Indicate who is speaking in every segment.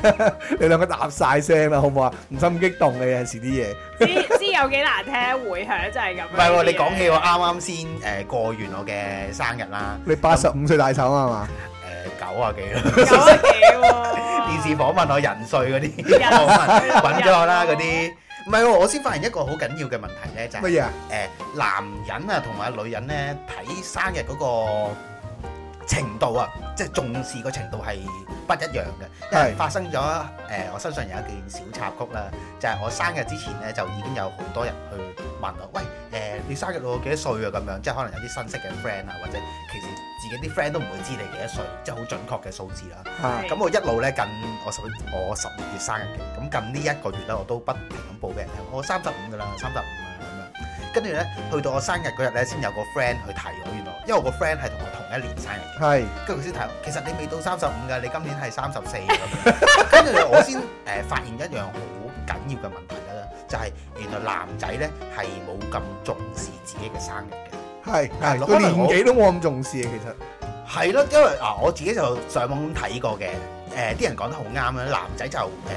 Speaker 1: 你兩個答晒聲啦，好唔好啊？唔使咁激動嘅有陣時啲嘢，
Speaker 2: 知知有幾難聽回響就係咁。唔係喎，你講起我啱
Speaker 3: 啱先誒過完我嘅生日啦。
Speaker 1: 你八十五歲大壽、 呃、 啊嘛？
Speaker 3: 誒九啊幾啦？九十幾喎。電視訪問我人歲嗰啲， 揾咗我啦嗰啲。唔係喎，我先發現一個好緊要嘅問題咧，就乜、是、嘢 啊？誒， 男人啊同埋女人咧睇生日嗰、嗰個。程度啊，即係重視個程度係不一樣嘅，因為是發生咗誒、呃，我身上有一件小插曲啦，就係、是、我生日之前咧就已經有好多人去問我，喂誒、呃，你生日喎幾多歲啊咁樣，即係可能有啲新識嘅 friend 啊，或者其實自己啲 friend 都唔會知你幾多歲，即係好準確嘅數字啦。咁是我一路咧近我十我十二月生日嘅，咁近呢一個月咧我都不停咁報俾人聽，我三十五㗎啦，三十五。跟住咧，去到我生日嗰日咧，先有個 friend 去提我，原來，因為我個 friend 係同我同一年生日。係是。跟住佢先提我，其實你未到三十五㗎，你今年係三十四。跟住 我先誒、呃、發現一樣好緊要嘅問題啦，就係、是、原來男仔咧係冇咁重視自己嘅生日嘅。係。係。多年紀都冇咁重視嘅其實。係咯，因為啊，我自己就上網睇過嘅，誒、呃、啲人講得好啱啦，男仔就誒。呃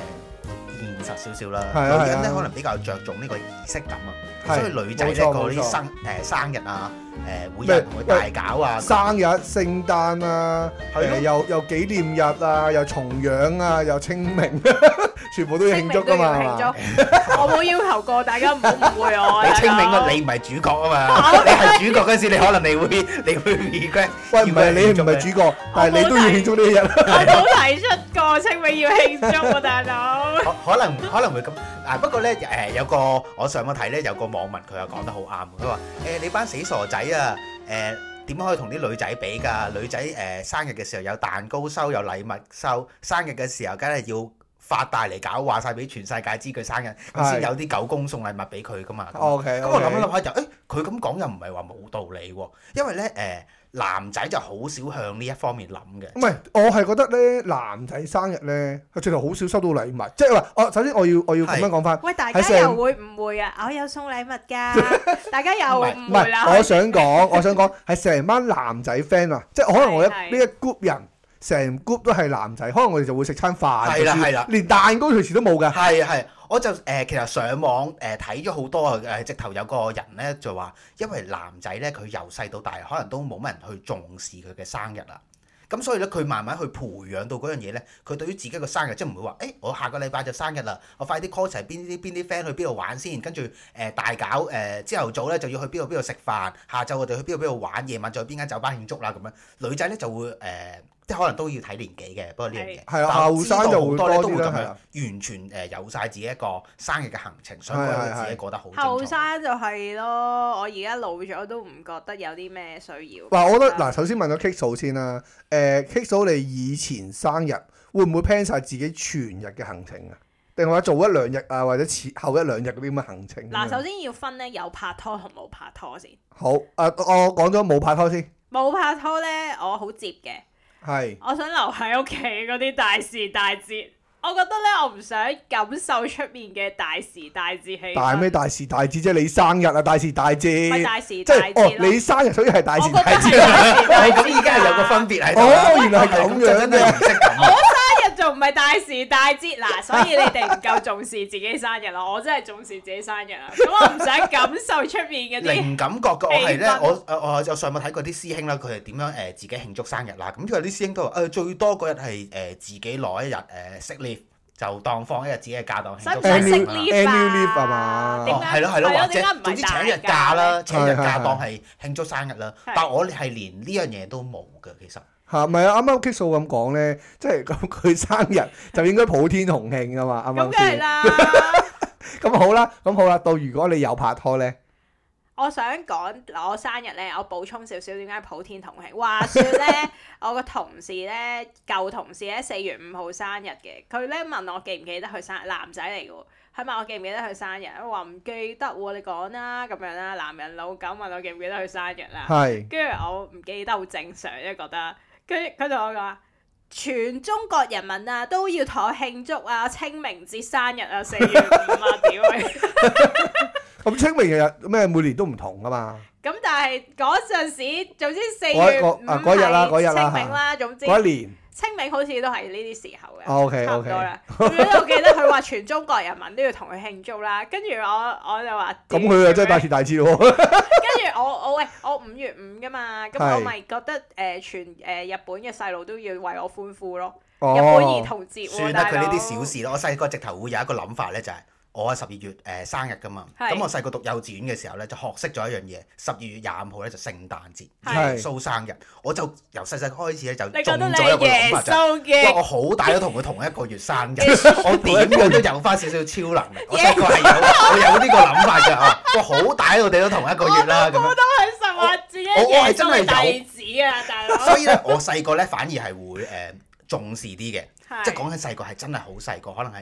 Speaker 3: 現實少少啦，是啊，是啊，女人咧可能比較着重呢個儀式感，係啊，所以女仔咧過啲生誒生日啊。誒每日同佢大搞啊！
Speaker 1: 生日、聖誕啊，誒又又紀念日啊，又重陽啊，又清明，全部都要慶祝㗎嘛！我冇要
Speaker 2: 求過，大家唔好誤會我。你清
Speaker 3: 明啊？你唔係主角啊嘛！你係主角嗰時，你可能你會你會 regret。喂，唔係你唔係主角，但係你都要慶祝呢日。我
Speaker 2: 冇提出過清明要慶祝啊，大佬。
Speaker 3: 可能可能會咁啊！不過咧誒，有個我上網睇咧，有個網民佢又講得好啱，佢話誒你班死傻仔。啊！誒點、哎、可以同啲女仔比㗎？女仔誒、呃、生日嘅時候有蛋糕收，有禮物收。生日嘅時候，梗係要發大嚟搞話，話晒俾全世界知佢生日，先有啲狗公送禮物俾佢㗎嘛。OK，咁 okay、嗯、我諗一諗下就誒，佢咁講又唔係話冇道理喎，因為咧誒，呃男仔就好少向呢一方面諗嘅，唔係
Speaker 1: 我係覺得咧，男仔生，生日咧，佢直頭好少收到禮物，即係話，我首先我要我要咁樣講翻，喂是大家又會誤
Speaker 2: 會啊，我有送禮物㗎， 大家又誤會，我想講，我
Speaker 1: 想講，係成班男仔 friend 啊，即係可能我一呢一 group 人，成 group 是都係男仔，可能我哋就會食餐飯，係啦係啦， 的連蛋糕隨時都冇嘅，係啊係。
Speaker 3: 我就誒、呃，其實上網誒睇咗好多誒，呃、直頭有個人咧就話，因為男仔咧佢由細到大，可能都冇乜人去重視佢嘅生日啦。咁所以咧，佢慢慢去培養到嗰樣嘢咧，佢對於自己個生日即係唔會話，誒、欸、我下個禮拜就生日啦，我快啲 call 齊邊啲邊啲 friend 去邊度玩先，跟住誒大搞誒朝頭早咧就要去邊度邊度食飯，下晝我哋去邊度邊度玩，夜晚再去邊間酒吧慶祝啦咁樣。女仔咧就會誒。呃呃即可能都要睇年紀嘅，不過年紀的後生就會多啲啦。都的完全誒、呃、有晒自己一個生日嘅行程，所以自己過得好。後
Speaker 2: 生就係咯，我而家老咗都唔覺得有啲咩需要。嗱，
Speaker 1: 我覺得嗱、啊，首先問咗 Kiko、so、先啦。誒，Kiko 你以前生日、啊、會唔會 plan 晒自己全日嘅行程啊？定或者做一兩日啊，或者前後一兩日嗰啲咁嘅行程？嗱、啊，首先
Speaker 2: 要分咧有拍拖同冇拍拖先。
Speaker 1: 好誒、啊，我講咗冇拍拖先。
Speaker 2: 冇拍拖咧，我好接嘅。係，是我想留喺屋企嗰啲大時大節，我覺得咧，我唔想感受出面嘅大時大節氣。大咩
Speaker 1: 大時大節啫？你生日啊，大時大節，大時即係是哦，你生日所以係大時大節，係咁
Speaker 3: 而家有個分別係哦，原來係咁樣嘅。啊
Speaker 2: 就唔係大時大節嗱、啊，所以你哋唔夠重視自己生日咯。 我真係重視自己
Speaker 3: 生日啊！咁我唔想感受出面嗰啲唔感覺嘅我係咧、嗯，我我我上網睇過啲師兄啦，佢哋點樣誒、呃、自己慶祝生日嗱？咁佢後啲師兄都話誒、呃、最多嗰日係誒、呃、自己攞一日誒息 leave 就當放一日自己嘅假當慶祝，請息 leave leave 係嘛？哦，係咯係咯，或者總之請日假啦，請日假當係慶祝生日啦。但我係連呢樣嘢都冇嘅，其實。
Speaker 1: 嚇，係咪啊！啱啱屋企數咁講咧，即係咁佢生日就應該普天同慶噶嘛，啱唔啱先？咁梗係啦。咁好啦，咁好啦。到如果你有拍拖咧，
Speaker 2: 我想講我生日咧，我補充少少點解普天同慶。話説咧，我個同事咧，舊同事咧，四月五號生日嘅。佢咧問我記唔記得佢生男仔嚟嘅喎，佢問我記唔記得佢生日，我話唔記得喎。你講啦，咁樣啦，男人老狗問我記唔記得佢生日啦，係。跟住我唔記得好正常，因為覺得。佢佢同我講，全中國人民啊都要同我慶祝啊清明節生日啊四月五
Speaker 1: 日點啊！咁清明日咩每年都唔同噶嘛？
Speaker 2: 咁但係嗰陣時，總之四月五日嗰日啦嗰日啦清明啦總之嗰年。清明好似都係呢啲時候
Speaker 1: 嘅，oh，OK 差唔多啦。咁咧
Speaker 2: ，okay. 我記得佢話全中國人民都要同佢慶祝啦。 跟住我 我就話，咁
Speaker 1: 佢又真係大時大節
Speaker 2: 喎。跟住我我喂，我五月五嘅嘛，咁我咪覺得誒、呃、全誒日本嘅細路都要為我歡呼咯。Oh, 日本兒童節算得佢呢啲小
Speaker 3: 事咯。 我細個直頭會有一個諗法咧，就係、是。我係十二月誒、呃、生日噶嘛，咁是我細個讀幼稚園嘅時候咧就學識咗一樣嘢，十二月廿五號咧就聖誕節，耶穌是生日，我就由細細開始咧就種咗一個諗法就是，哇我好大都同佢同一個月生日， 我點樣都有翻少少超能力， 耶 我細
Speaker 2: 個係有，我有
Speaker 3: 呢個諗法嘅啊，我 好大我哋都同一個月啦、啊，咁啊都
Speaker 2: 係十二月，我我係真係有子啊大佬， 所以咧我
Speaker 3: 細個咧反而係會誒、呃、重視啲嘅，即係講緊細個係真係好細個，可能係誒、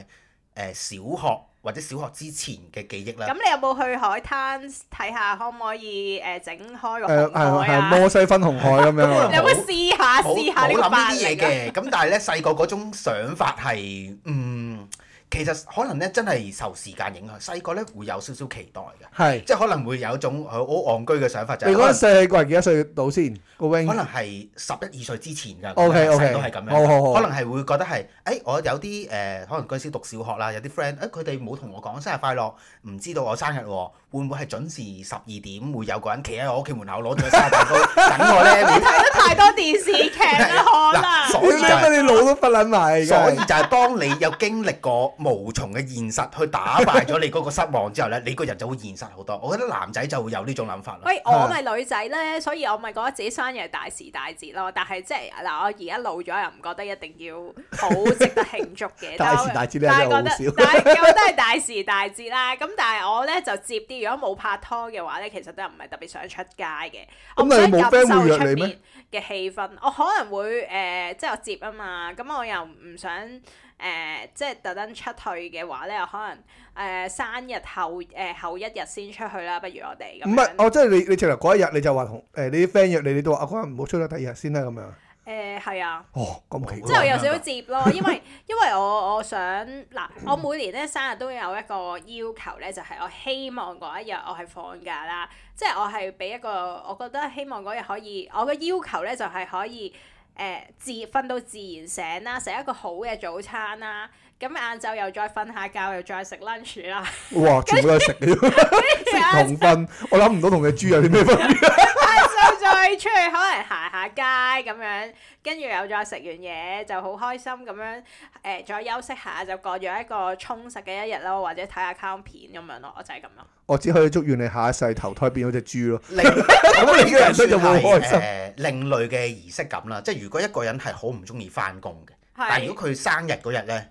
Speaker 3: 呃、小學。或者小學之前嘅記憶啦。咁你
Speaker 2: 有冇去海灘睇下，可唔可以誒、呃、整開個紅海啊？係係係摩西
Speaker 3: 分紅海咁樣。 你有冇試
Speaker 2: 下試下你班？冇冇諗啲嘢嘅。
Speaker 3: 咁但係咧細個嗰種想法係嗯。其實可能咧，真係受時間影響，細個咧會有少少期待嘅，是即係可能會有一種好戇居嘅想法。就你、是、
Speaker 1: 如果細個係幾多歲
Speaker 3: 到先？可能係十一二歲之前㗎。O K O K，都係咁樣。可能係會覺得係，誒我有啲誒，可能嗰時讀小學啦，有啲 friend，誒佢哋冇同我講生日快樂，唔知道我生日喎，會唔會係準時十二點會有個人企喺我屋企門口攞住個生日
Speaker 2: 蛋糕 等我咧？ 你睇得太多電視劇啦， 可
Speaker 3: 埋能。所以 就係、是 就是、當你有經歷過。 無從嘅現實去打敗咗你嗰個失望之後咧， 你個人就會現實好多。我覺得男仔就會有呢種諗法。喂，我咪
Speaker 2: 女仔咧，所以我咪覺得自己生日大時大節咯。但係即係嗱，我而家老咗又唔覺得一定要好值得慶祝嘅。大時大節咧係覺得， 但係都真係大時大節啦。咁但係我咧就接啲，如果冇拍拖嘅話咧，其實都唔係特別想出街嘅。 我唔想感受出邊嘅氣氛。但
Speaker 1: 係冇
Speaker 3: 朋
Speaker 2: 友會約你咩？我可能會誒、呃，即係我接啊嘛。咁我又唔想。誒、呃，即係特登出去嘅話咧，可能誒生、呃、日後誒、呃、後一日先出去啦。不如我哋咁。
Speaker 1: 唔係，是哦，即係你你直頭嗰一日你就話同誒你啲 friend 約你，你都話啊可能唔好出咗第二日先啦咁樣。
Speaker 2: 誒、呃，係啊。哦，咁
Speaker 1: 奇怪。即係我有少少接
Speaker 2: 咯， 因為因為我我想嗱，我每年咧生日都有一個要求咧，就係、是、我希望嗰一日我係放假啦。即、就、係、是、我係俾一個我覺得希望嗰日可以，我嘅要求咧就係可以。誒，自瞓到自然醒啦，食一個好嘅早餐啦。咁晏晝又再瞓下覺，又再食 lunch 啦。哇！全部都係食嘅，食同
Speaker 1: 瞓。我諗唔到同隻豬有啲咩分
Speaker 2: 別。之後再出嚟，可能行下街咁樣，跟住又再食完嘢，就好開心咁樣。誒，再休息下，就過咗一個充實嘅一日咯，或者睇下卡通片咁樣咯，我就係咁樣。
Speaker 1: 我只可以祝願你下一世投胎變咗隻豬咯。咁你嘅人生就好開心。
Speaker 3: 另類嘅儀式感啦，即係如果一個人係好唔中意翻工嘅，但係如果佢生日嗰日呢。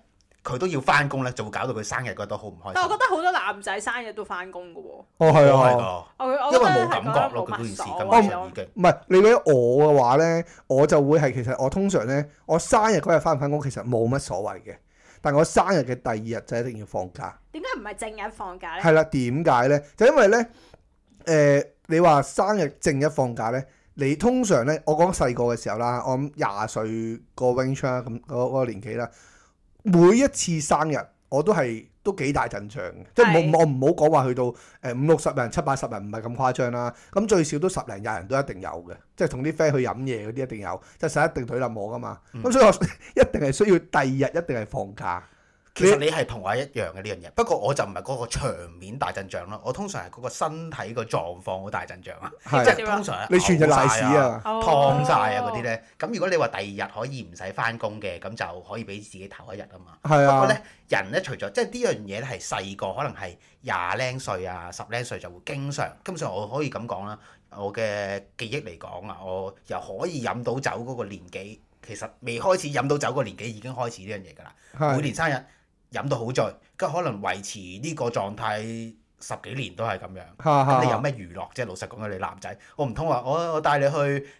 Speaker 3: 佢都要翻工咧，就會搞到佢生日覺得好唔開心。但我
Speaker 2: 覺得好多男仔生，生日都翻工
Speaker 3: 嘅喎。哦，係啊，啊哦、因為冇感覺咯，佢嗰件事咁已經唔係你
Speaker 1: 睇我嘅話咧，我就會係其實我通常咧，我生日嗰日翻唔翻工其實冇乜所謂嘅，但我生日嘅第二日就一定要放假。
Speaker 2: 點解唔係正日放假
Speaker 1: 咧？係啦，點解咧？就因為咧，誒、呃，你話生日正日放假咧，你通常咧，我講細個嘅時候啦，我廿歲年、嗰個 range 啦，咁、那、嗰、個、年紀啦。每一次生日我都係都幾大陣仗嘅，的即係我我唔好講話去到誒五六十人、七八十人唔係咁誇張啦，咁最少都十零廿人都一定有嘅，即係同啲 friend
Speaker 3: 去飲嘢嗰啲一定有，即係實一定推冧我㗎嘛，咁、嗯、所以我一定係需要第二日一定係放假。其實你係同我一樣嘅呢樣嘢，不過我就唔係嗰個場面大陣仗咯。我通常係嗰個身體個狀況好大陣仗的啊，即係通常你係紅屎啊、燙曬啊嗰啲咧。咁如果你話第二日可以唔使翻工嘅，咁就可以俾自己唞一日啊嘛。的不過咧，人咧除咗即係呢樣嘢咧，係細個可能係廿零歲啊、十零歲就會經常。咁所以我可以咁講啦，我嘅記憶嚟講啊，我由可以飲到酒嗰個年紀，其實未開始飲到酒嗰年紀已經開始呢樣嘢㗎啦。的每年生日。飲到好醉，咁可能維持呢個狀態十幾年都係咁樣。咁你有咩娛樂？即係老實講，我哋男仔，我唔通話我我帶你去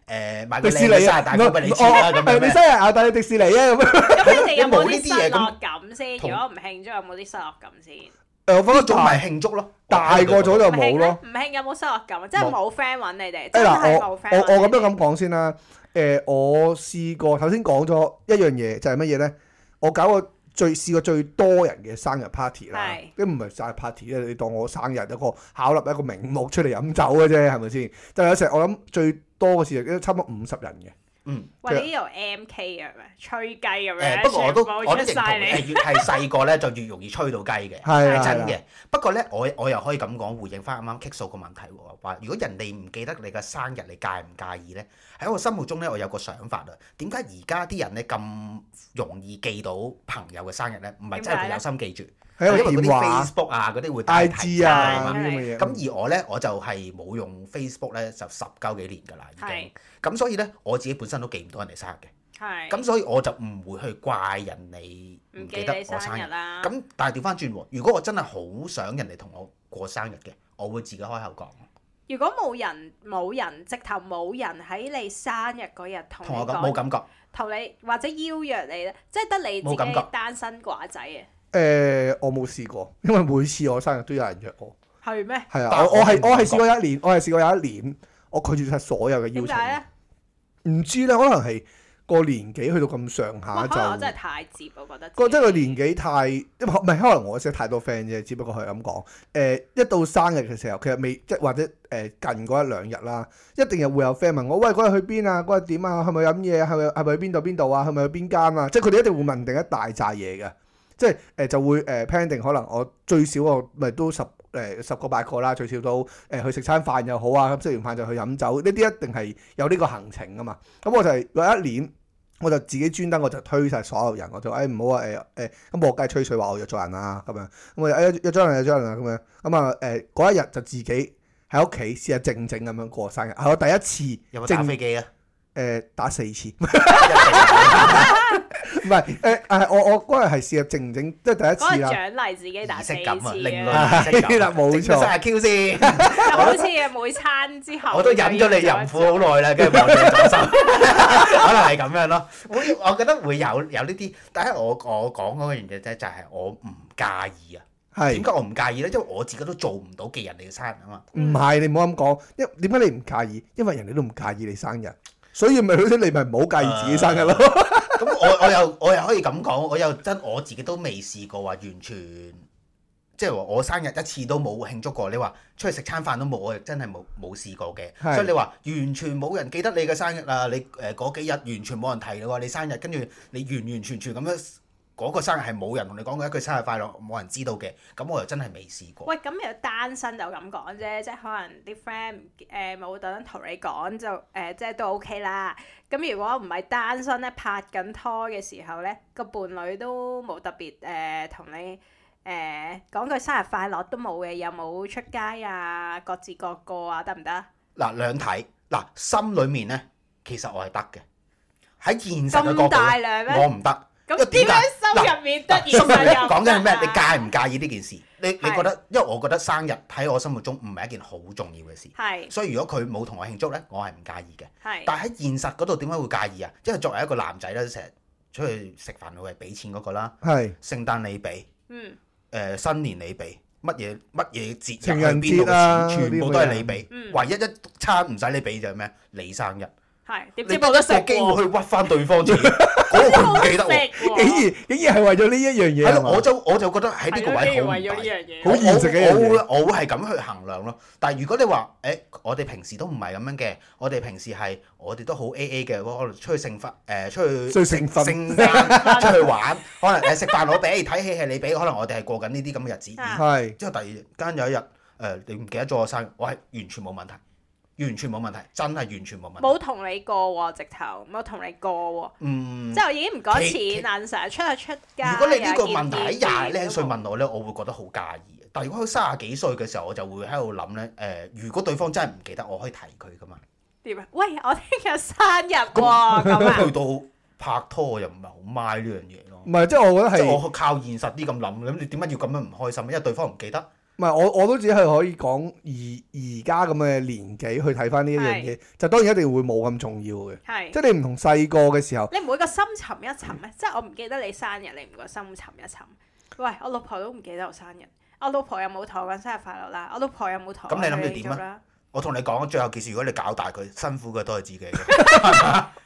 Speaker 3: 誒，迪士尼啊，帶我你先啦，生
Speaker 1: 日啊，帶去迪士尼啊咁。咁你哋有冇啲失落感先？如
Speaker 2: 果唔慶祝，有冇啲失落感
Speaker 1: 先？誒，我覺得仲係慶祝咯，大個咗就冇咯。唔慶有
Speaker 2: 冇失落感？即係冇 friend 搵你哋。誒嗱，我我我咁
Speaker 1: 樣咁講先啦。誒，我試過，頭先講咗一樣嘢就係乜嘢咧？我搞個。最試過最多人嘅生日 party 啦，啲唔係生日 party 咧，你當我生日一個巧立一個名目出嚟飲酒嘅啫，係咪先？但係有時，我諗最多嘅時候都差唔多
Speaker 3: 五十人嘅。
Speaker 2: 嗯，或者呢度 MK 啊，吹雞咁樣，不過我都，我認同你越
Speaker 3: 係細個咧就越容易吹到雞嘅，係 真嘅。不過咧，我我又可以咁講回應翻啱啱 Kick 嗰個問題喎，話如果人哋唔記得你嘅生日，你介唔介意咧？喺我心目中咧，我有個想法啊。點解而家啲人咧咁容易記到朋友嘅生日咧？唔係真係佢有心記住。 因為啲 Facebook 啊，嗰啲會帶題啊，咁而我呢，我就係冇用 Facebook 呢，就十鳩幾年噶啦，已經。咁是所以呢，我自己本身都記唔到人哋生日嘅。
Speaker 2: 係是。咁所以
Speaker 3: 我就唔會去怪人你唔記得我生日啦。咁但係調翻轉，如果我真係好想人哋同我過生日嘅，我會自己開口講。
Speaker 2: 如果冇人冇人直頭冇人喺你生日嗰日同我講冇感覺，同你或者邀約你咧，即係得你冇感覺單身寡仔啊！
Speaker 1: 誒、呃，我冇試過，因為每次我生日都有人約我。
Speaker 2: 係咩嗎？係啊，我我係我係試過有一
Speaker 1: 年，我係試過有一年，我拒絕晒所有嘅邀請。點解咧？唔知咧，可能係個年紀去到咁上下就。呃、可能我真
Speaker 2: 係太接，我覺得。覺
Speaker 1: 得個年紀太因為，可能我識太多 friend 啫，只不過係咁講。誒、呃，一到生日嘅時候，其實未即係或者誒、呃、近嗰一兩日啦，一定又會有 friend 問我，喂，嗰日去邊啊？嗰日點啊？係咪飲嘢？係咪係咪去邊度邊度啊？係咪去邊間啊？即係佢哋一定會問定一大扎嘢嘅。.即係誒就會誒 plan 定可能我最少我咪都十誒、呃、十個八個啦，最少都誒、呃、去食餐飯又好啊，咁食完飯就去飲酒，呢啲一定係有呢個行程噶嘛。咁、嗯、我就係、是、有一年，我就自己專登我就推晒所有人，我就誒唔好誒誒咁我梗係吹水話我約咗人啦咁樣，咁我誒約咗人就約咗人啦咁樣。咁啊誒嗰一日就自己喺屋企試下靜靜咁樣過生日，係我第一次。有冇打飛機啊？誒，打四次，唔係誒誒，我我嗰日係試下正正，即係第一次啦。獎
Speaker 2: 勵自己打四次嘅儀式感啊，儀式感啦，冇錯。 Q
Speaker 3: 先我，
Speaker 2: 好似每餐之後，我都忍咗你淫
Speaker 3: 婦好耐啦，跟住又再收。 可能係咁樣咯，會，我覺得會有有呢啲。但係我我講嗰樣嘢咧，就係我唔介意啊。係是，點解我唔介意咧？因為我自己都做唔到記人哋嘅生日啊嘛。唔
Speaker 1: 係，你唔好咁講。因為點解你唔介意？因為人哋都唔介意你生日。所以咪，好似你咪唔好介意自己生日咯
Speaker 3: 啊。咁 我我又我又可以咁講，我又真我自己都未試過話完全，即係話我生日一次都冇慶祝過。你話出去食餐飯都冇，我亦真係冇冇試過嘅。是的 所以你話完全冇人記得你嘅生日啊？你誒嗰幾日完全冇人提你喎，你生日跟住你完完全全咁樣。嗰個生日係冇人同你講過一句生日快樂，冇人知道嘅，咁我又真係未試過。喂，
Speaker 2: 咁如果單身就咁講啫，即係可能啲 friend 誒冇特登同你講就誒，即係都 OK 啦。咁如果唔係單身咧，拍緊拖嘅時候咧，個伴侶都冇特別誒同你誒講句生日快樂都冇嘅，有冇出街啊？各自各過啊？得唔得？
Speaker 3: 嗱，兩睇嗱，心裏面咧其實我係得嘅，喺現實嘅角度，我唔得。
Speaker 2: 咁點解心入面得意？ 突然有？講
Speaker 3: 緊係咩？你介唔介意呢件事？你是你覺得？因為我覺得生日喺我心目中唔係一件好重要嘅事。係是。所以如果佢冇同我慶祝咧，我係唔介意嘅。係是。但係喺現實嗰度點解會介意啊？因為作為一個男仔咧，成日出去食飯會係俾錢嗰個啦。係是。聖誕你俾。嗯。誒、呃，新年你俾。乜嘢乜嘢節日？情人節啦，全部都係你俾。唯一一餐唔使你俾就係咩？你生日。
Speaker 2: 係點點冇得食喎？機
Speaker 3: 會去屈翻對方先， 個我都唔記得喎。竟 然竟然係為咗呢一樣嘢，我就我就覺得喺呢個位好。竟好現實嘅一樣嘢我會係咁去衡量咯。但係如果你話誒、欸，我哋平時都唔係咁樣嘅，我哋平時係我哋都好 A A 嘅。可能出去剩飯誒，出去。出去 出去玩，可能誒食飯我俾，睇戲係你俾，可能我哋係過緊呢啲咁嘅日子。係的。之後突然間有一日誒、呃，你唔記得咗我生日，我係完全冇問題。完全冇問題，真係完全冇問題。
Speaker 2: 冇同你過喎，直頭冇同你過喎。嗯，
Speaker 3: 即我已經唔講錢，但
Speaker 2: 成日出下出街。如果你呢個問題喺廿零歲
Speaker 3: 問我咧，樣我會覺得好介意嘅。但如果佢卅幾歲嘅時候，我就會喺度諗咧。誒、呃，如果對方真係唔記得，我可以提佢噶嘛？
Speaker 2: 點啊？喂，我聽日生日喎咁啊！
Speaker 3: 去到拍拖又唔係好 mind 呢樣嘢咯。唔係，即係我覺得係我靠現實啲咁諗。你你點解要咁樣唔開心？因為對方唔記得。唔係，我我都只係可以
Speaker 1: 講而而家咁嘅年紀去睇翻呢一樣嘢，是就當然一定會冇咁重要
Speaker 2: 嘅。係是，即係你唔
Speaker 1: 同細個嘅時候。
Speaker 2: 你唔會個深沉一沉咩？嗯、即係我唔記得你生日，你唔會個深沉一沉。喂，我老婆都唔記得我生日，我老婆有冇同我講生日快樂啦？我老婆有冇同，咁你諗住點啊？
Speaker 3: 我同是你講，最後件事，如果你搞大佢，辛苦嘅都係自己。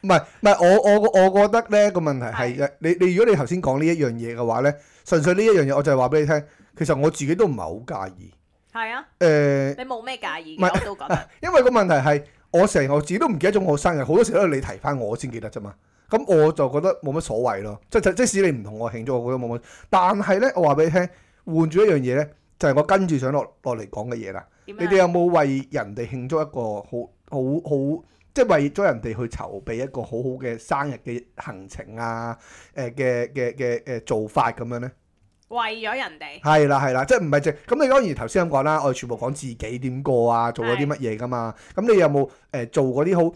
Speaker 1: 唔係唔係，我我我覺得咧個問題係你你如果你頭先講呢一樣嘢嘅話咧，純粹呢一樣嘢，我就係話俾你聽。 其實我自己都唔係好介意，
Speaker 2: 係啊，誒、呃，你冇咩介意唔係、哎我，我都講。
Speaker 1: 因為個問題係，我成日我自己都唔記得咗我生日，好多時都係你提翻我先記得啫嘛。咁我就覺得冇乜所謂咯，即即即使你唔同我慶祝，我覺得冇乜。但係咧，我話俾你聽，換住一樣嘢咧，就係、是、我跟住想落落嚟講嘅嘢啦。你哋有冇為人哋慶祝一個好好好、好，即係為咗人哋去籌備一個好好嘅生日嘅行程啊？誒嘅嘅嘅嘅做法咁樣咧？Blockchain. 為咗人哋係啦係啦，即係唔係淨咁？你當然頭先咁講啦，我哋全部講自己點過啊，做咗啲乜嘢噶嘛？咁你有冇誒、呃、做嗰啲好誒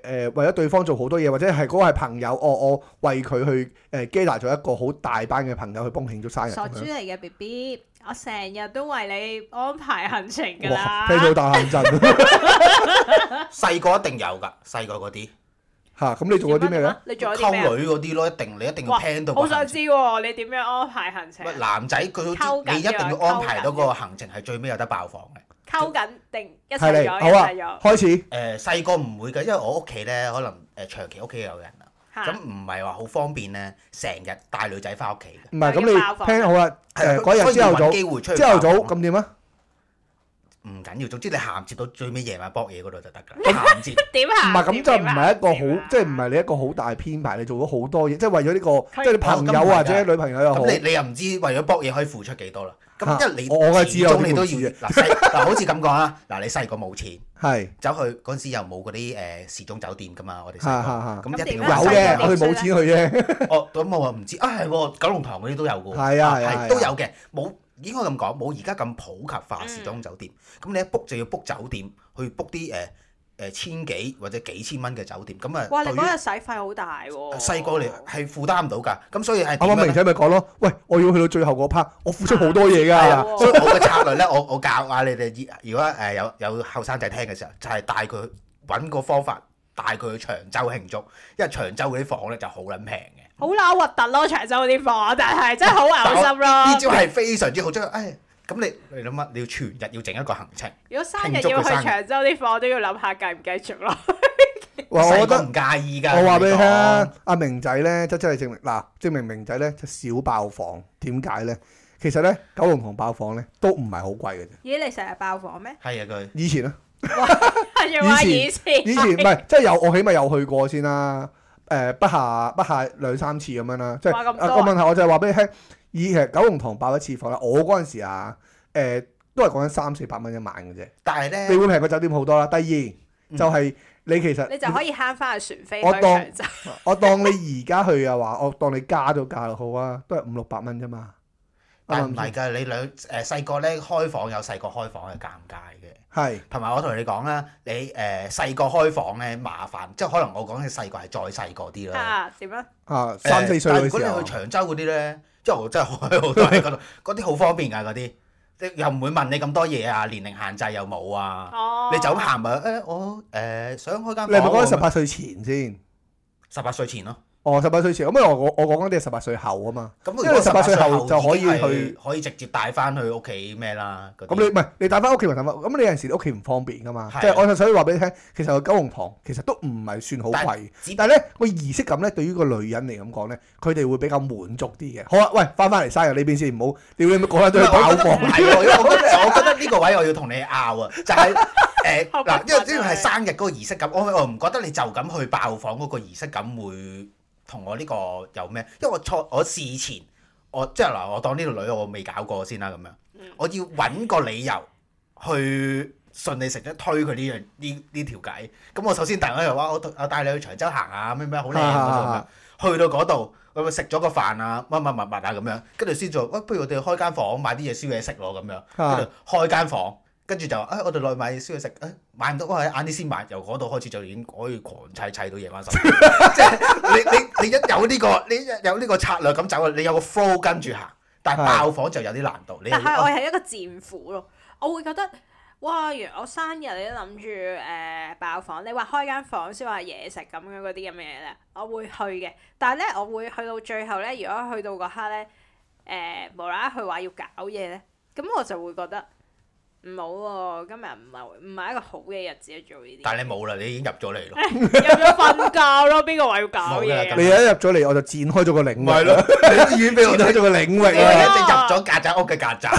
Speaker 1: 誒為咗對方做好多嘢，或者係嗰個係朋友，我我為佢去誒 gather 咗一個好大班嘅朋友去幫慶祝生日。傻豬嚟嘅
Speaker 2: B B，我成日都為你安排行程㗎啦，
Speaker 3: 聽到大汗震。細個一定有㗎，細個嗰啲。吓，咁你做啲咩咧？你做
Speaker 2: 溝女嗰啲
Speaker 3: 咯，一定你一定要 plan 到。好想
Speaker 2: 知喎，你點樣
Speaker 3: 安排行程？喂，男仔佢，你一定要安排到個行程係最尾有得爆房嘅。
Speaker 2: 溝緊定一齊好啊。齊開
Speaker 3: 始。誒，細個唔會嘅，因為我屋企咧，可能誒長期屋企有人啦，咁唔係話好方便咧，成日帶女仔翻屋企。唔係，咁你 plan
Speaker 1: 好啦。嗰日朝頭早，朝頭早咁
Speaker 3: 點啊？唔緊要，總之你銜接到最尾夜晚搏嘢嗰度就得㗎。行唔接點
Speaker 1: 行？唔係咁就唔係一個好，即係唔係你一個好大編排。你做咗好多嘢，即係為咗呢個即係你朋友或者女朋友又好，你你又唔
Speaker 3: 知為咗搏嘢可以付出幾多啦？咁因為你我嘅錢鐘你都要嗱嗱，好似咁講啊嗱，你細個冇錢係走去嗰陣時又冇嗰啲誒時鐘酒店㗎嘛？我哋細個咁一定要有嘅，佢冇錢去啫。哦，咁我話唔知啊，係喎，九龍塘嗰啲都有㗎喎，係啊係，都有嘅冇。應該咁講，冇而家咁普及化時裝酒店。咁、嗯、你一 book 就要 book 酒店，去 book 啲誒誒千幾或者幾千蚊嘅酒店。咁啊，哇！你嗰日
Speaker 2: 使費好大喎。細
Speaker 3: 個嚟係負擔唔到㗎，咁所以係明仔咪講咯。喂，我要去到最後嗰 part，我付出好多嘢㗎。所以我嘅策略咧，我我教下你哋。如果誒有有後生仔聽嘅時候，就係、是、帶佢揾個方法，帶佢去長洲慶祝，因為長洲嗰啲房咧就好撚平嘅。
Speaker 2: 好撈核突咯，長洲啲房，但係真係好嘔心咯。呢招係
Speaker 3: 非常之好，真係，誒，咁你你諗乜？你要全日要整一個行程。如果生日要去長
Speaker 2: 洲啲房，都要諗下繼唔繼續咯。我都唔介
Speaker 1: 意噶。我話俾你聽，阿明仔咧即真係證明嗱，證明明仔咧就少爆房。點解咧？其實咧，九龍塘爆房咧都唔係好貴嘅啫。
Speaker 2: 咦？你成日爆房咩？
Speaker 1: 係啊，佢以前咯。
Speaker 2: 以前以前唔係，
Speaker 1: 即係有我起碼有去過先啦。誒不、呃、下不下兩三次咁樣啦，即係、啊，個問題我就係話俾你聽，以其九龍塘爆一次房啦，我嗰陣時啊誒、呃、都係講緊三四百蚊一晚嘅啫，但係咧，你會平過酒店好多啦。第二、嗯、就係你其實你就可
Speaker 2: 以慳翻個船飛，我當
Speaker 1: 我當你而家去啊話，我當你加咗價咯，好啊，都係五六百蚊啫嘛。呃、但係唔係
Speaker 3: 㗎，嗯、你兩誒細個咧開房，有細個開房嘅尷尬嘅。係，同埋我同你講啦，你誒細個開房咧麻煩，即係可能我講嘅細個係再細個啲啦。嚇點啊？
Speaker 2: 啊、呃、三四歲如果你去
Speaker 3: 長洲嗰啲咧，即係我真係開好多嗰度，嗰啲好方便㗎嗰啲，即又唔會問你咁多嘢啊，年齡限制又冇啊。哦，你走行咪誒，我誒、呃、想開間房。你咪講十八
Speaker 1: 歲前先？
Speaker 3: 十八歲前咯。
Speaker 1: 哦，十八歲前，咁因為我我講緊啲係十八歲後啊嘛，咁
Speaker 3: 因為十八歲後就可以去，可以直接帶翻去屋企咩啦。咁你
Speaker 1: 唔係你帶翻屋企咪咁咁你有陣時屋企唔方便噶嘛。即係的我就所以話俾你聽，其實個九龍塘其實都唔係算好貴，但係咧個儀式感咧對於個女人嚟咁講咧，佢哋會比較滿足啲嘅。好啊，喂，翻翻嚟生日呢邊先，唔好屌你，講緊
Speaker 3: 都係爆房。我覺得呢 個位我要同你拗啊，就係誒嗱，因為呢個係生日嗰個儀式感，我我唔覺得你就咁去爆房嗰個儀式感會。同我呢個有咩？因為我錯，我事前我即係嗱，我當呢條女我未搞過先啦，咁樣，我要揾個理由去順理成章推佢呢、這個這個這個、樣呢呢條計。咁我首先第一樣話，我我帶你去長洲行下，咩咩好靚嗰度，去到嗰度，我咪食咗個飯啊，乜乜物物啊咁樣，跟住先做。喂、哎，不如我哋開間房買啲嘢燒嘢食咯咁樣，跟住開間房。跟住就啊、哎！我哋內賣需要食，誒買唔到，我喺晏啲先買。由嗰度開始就已經可以狂砌，砌砌到夜晚十點。即係你你你一有呢、呢個，你有呢個策略咁走，你有個 flow 跟住行，但係爆房就有啲難度。的你但係我係
Speaker 2: 一個戰斧咯，我會覺得哇！如我生日你，你都諗住誒爆房，你話開間房，先話嘢食咁樣嗰啲咁嘅嘢咧，我會去嘅。但係咧，我會去到最後咧，如果去到嗰刻咧，誒、呃、無啦啦去話要搞嘢咧，咁我就會覺得。唔好喎，今日
Speaker 3: 唔係唔係一個好嘅日子做呢啲。但係你冇啦，
Speaker 2: 你已經入咗嚟咯，入咗瞓覺咯，邊個位要搞嘢？你一
Speaker 1: 入咗嚟，我就展開咗個領域。係咯，你已經俾我佔
Speaker 3: 咗個領域啦。
Speaker 2: 即入咗曱甴屋嘅曱甴，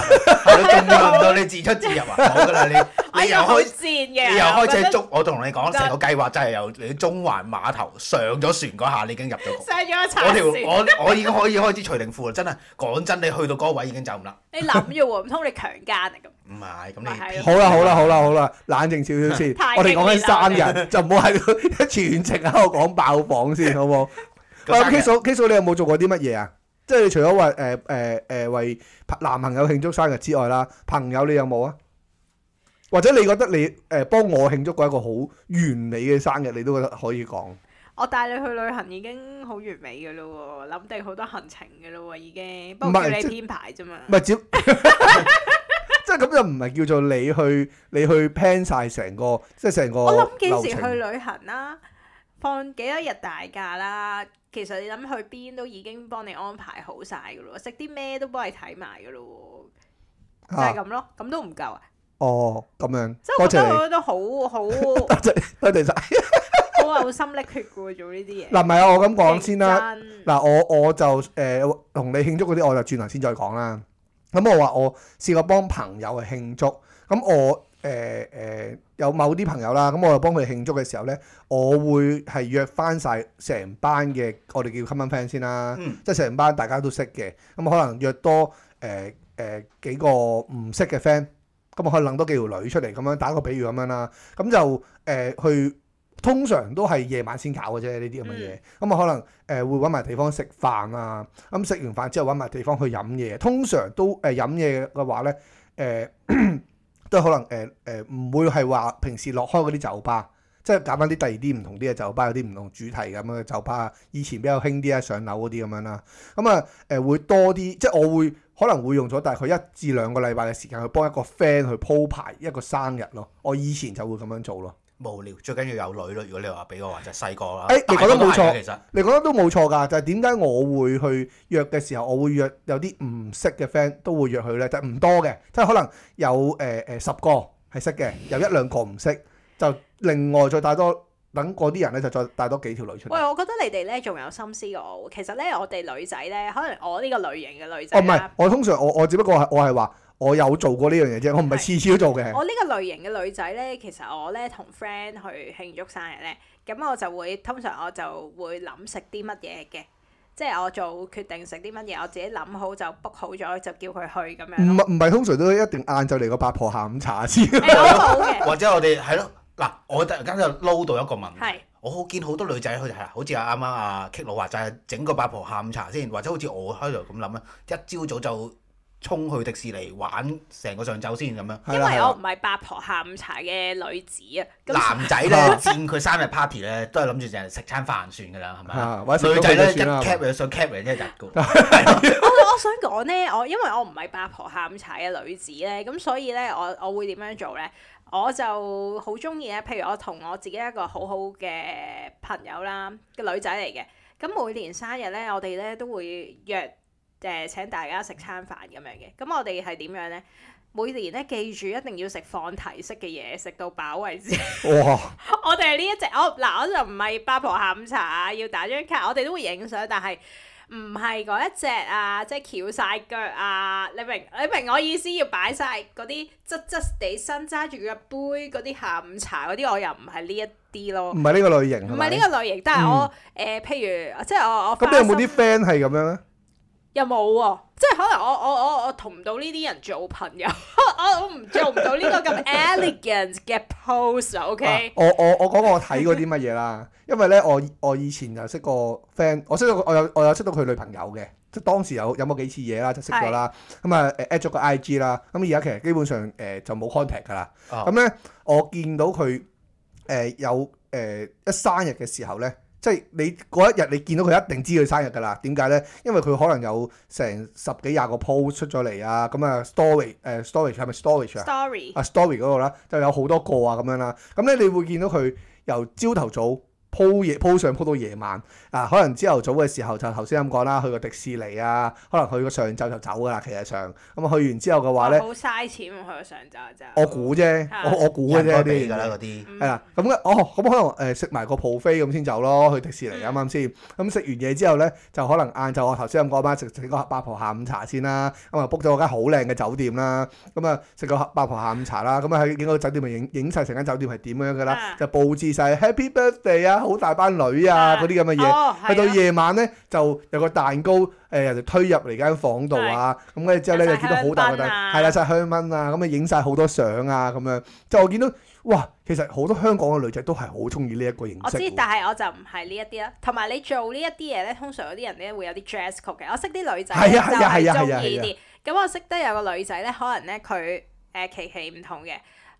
Speaker 3: 仲入唔到你自出自入啊？冇噶啦，你你又開竇嘅，你又開始捉。我同你講成個計劃真係由你中環碼頭上咗船嗰下，你已經入咗。
Speaker 2: 上條我我已經可以
Speaker 3: 開始除定褲啦，真係講真，你去到嗰位已經走唔啦。
Speaker 2: 你諗住喎，唔通你強奸啊？咁唔係，
Speaker 3: 咁你好啦，好啦，
Speaker 1: 好啦，好啦，冷靜少少先。我哋講緊生日就唔好喺全程喺度講爆房先，好唔好？阿 K 嫂，K 嫂，S S S、o，你有冇做過啲乜嘢啊？即係你除咗為誒誒誒為男朋友慶祝生日之外啦，朋友你有冇啊？或者你覺得你誒幫我慶祝過一個好完美嘅生日，你都覺得可以講？
Speaker 2: 我帶你去旅行已經好完美嘅咯喎，諗定好多行程嘅咯喎，已經不過叫你編排啫嘛。唔
Speaker 1: 係即係咁 就唔係叫做你去你去 plan 曬成個即係成個。個我諗幾時去
Speaker 2: 旅行啦，啊？放幾多日大假啦？其實你諗去邊都已經幫你安排好曬嘅咯，食啲咩都幫你睇埋嘅咯喎。啊、就係咁咯，咁都唔夠
Speaker 1: 啊？哦，咁樣。即係
Speaker 2: 我覺得我覺得好，好好。 好有心瀝血嘅做呢啲嘢。嗱， 唔係啊，我咁講先啦。嗱
Speaker 1: 真，我我就誒同、呃、你慶祝嗰啲，我就轉頭先再講啦。咁我話我試過幫朋友去慶祝，咁我誒誒、呃呃、有某啲朋友啦，咁我又幫佢慶祝嘅時候咧，我會係約翻晒成班嘅，我哋叫 common friend 先啦。嗯、即係成班大家都識嘅，咁可能約多誒誒、呃呃、幾個唔識嘅 friend，咁我可以擸多幾條女出嚟，咁樣打個比喻咁樣啦。咁就誒、呃、去。去去去去去通常都係夜晚先搞嘅啫，呢啲咁嘅嘢。咁、嗯、啊、嗯，可能誒、呃、會揾埋地方食飯啊。咁、嗯、食完飯之後，揾埋地方去飲嘢。通常都誒、呃、飲嘢嘅話咧，誒、呃、都可能誒誒唔會係話平時落開嗰啲酒吧，即係揀翻啲第二啲唔同啲嘅酒吧，有啲唔同主題咁嘅酒吧。以前比較興啲啊，上樓嗰啲咁樣啦。咁啊誒會多啲，即係我會可能會用咗大概一至兩個禮拜嘅時間去幫一個 friend 去鋪排一個生日咯。我以前就會咁樣做咯。
Speaker 3: 無聊，最緊要有女咯。如果你話俾我話就係細個啦。誒、哎，你覺得冇錯？其實
Speaker 1: 你覺得都冇錯噶，就係點解我會去約嘅時候，我會約有啲唔識嘅 friend 都會約佢咧，就係唔多嘅，即係可能有誒誒、呃、十個係識嘅，有一兩個唔識，就另外再帶多等嗰啲人咧，就再帶多幾條女出嚟。喂，我
Speaker 2: 覺得你哋咧，仲有心思我。其實咧，我哋女仔咧，可能我呢個類型嘅女仔。哦，唔係，
Speaker 1: 我通常我我只不過係我係話。我有做過呢樣嘢啫，我唔係次次都做嘅。我
Speaker 2: 呢個類型嘅女仔呢，其實我呢同 friend 去慶祝生日呢。咁我就會通常我就會諗食啲乜嘢嘅，即係我做決定食啲乜嘢，我自己諗好就 book 好咗就叫佢去咁樣。
Speaker 1: 唔係通常都一定晏晝嚟個八婆下午茶先、
Speaker 2: 欸， 或
Speaker 3: 者我哋係咯。嗱，我突然間就撈到一個問
Speaker 2: 題，的我見
Speaker 3: 好多女仔佢、啊、就係好似阿啱啱阿 K 佬話就係整個八婆下午茶先，或者好似我開頭咁諗啊，一朝早就。衝去迪士尼玩成個上晝先咁樣，因為我
Speaker 2: 唔係八婆下午茶嘅女子啊。男仔咧，見
Speaker 3: 佢生日 party 咧，都係諗住淨係食餐飯算噶啦，係咪？女仔就咧一 cap 完，再 cap 完呢一日嘅。
Speaker 2: 我我想講咧，我因為我唔係八婆下午茶嘅女子咧，咁所以咧，我我會點樣做咧？我就好中意咧，譬如我同我自己一個好好嘅朋友啦，個女仔嚟嘅，咁每年生日咧，我哋咧都會約。誒，請大家食餐飯咁樣嘅，咁我哋係點樣呢？每年呢，記住一定要食放題式嘅嘢，食到飽為止。
Speaker 1: 哇 我、這個！
Speaker 2: 我哋呢一隻我嗱，我就唔係八婆下午茶啊，要打張卡，我哋都會影相，但係唔係嗰一隻啊，即係翹晒腳啊，你明？你明我意思？要擺晒嗰啲質質地身揸住個杯嗰啲下午茶嗰啲，我又唔係呢一啲咯。唔係呢
Speaker 1: 個類型，唔係呢個
Speaker 2: 類型，嗯、但係我誒、呃，譬如即係我我咁，你有冇啲
Speaker 1: friend 係咁樣咧？
Speaker 2: 又冇喎，啊，即係可能我我我我同唔到呢啲人做朋友， 我 post，okay？我唔做唔到呢個咁 elegant 嘅 pose，OK？我說說
Speaker 1: 我我講過我睇過啲乜嘢啦，因為咧我我以前就識個 friend，我識到我有我有識到佢女朋友嘅，即係當時有有冇幾次嘢啦，就識咗啦。咁啊，誒 add 咗個 IG 啦，咁而家其實基本上誒就冇 contact 噶啦。咁咧，啊嗯，我見到佢誒有誒一生日嘅時候咧。即係你嗰一日，你見到佢一定知佢生日㗎啦。點解咧？因為佢可能有成十幾廿個 post 出咗嚟啊，咁啊 story，誒、呃、storage 係咪 storage 啊？story 啊 story 嗰個啦，就有好多個啊咁樣啦。咁、嗯、咧你會見到佢由朝頭早，鋪夜鋪上鋪到夜晚啊！可能朝頭早嘅時候就頭先咁講啦，去個迪士尼啊，可能去個上晝就走㗎啦，其實上咁啊去完之後嘅話咧，
Speaker 2: 好嘥、哦、錢去個上晝就，我估啫，我、啊、我估
Speaker 1: 嘅啫，啲㗎啦啲係啦，咁哦，咁可能誒食埋個 buffet 咁先走咯，去迪士尼啱啱先？咁食、嗯嗯嗯、完嘢之後咧，就可能晏晝我頭先咁講啦，食整個八婆下午茶先啦，咁啊 book 咗間好靚嘅酒店啦，咁啊食個八婆下午茶啦，咁啊喺影個酒店咪影影曬成間酒店係點樣㗎啦？啊、就佈置晒 Happy Birthday 啊！好大班女啊，嗰啲咁嘅嘢，去到夜晚呢，就有個蛋糕，誒人哋推入嚟間房度啊，咁咧之後呢，就見到好大個蛋糕，係啦晒香檳啊，咁啊影晒好多相啊，咁樣，就我見到哇，其實好多香港嘅女仔都係好中意呢一個形式。我知，但
Speaker 2: 係我就唔係呢一啲啦。同埋你做呢一啲嘢呢，通常有啲人呢會有啲 dress code 嘅。我識啲女仔就係中意啲。咁我識得有個女仔呢，可能呢，佢誒期期唔同嘅。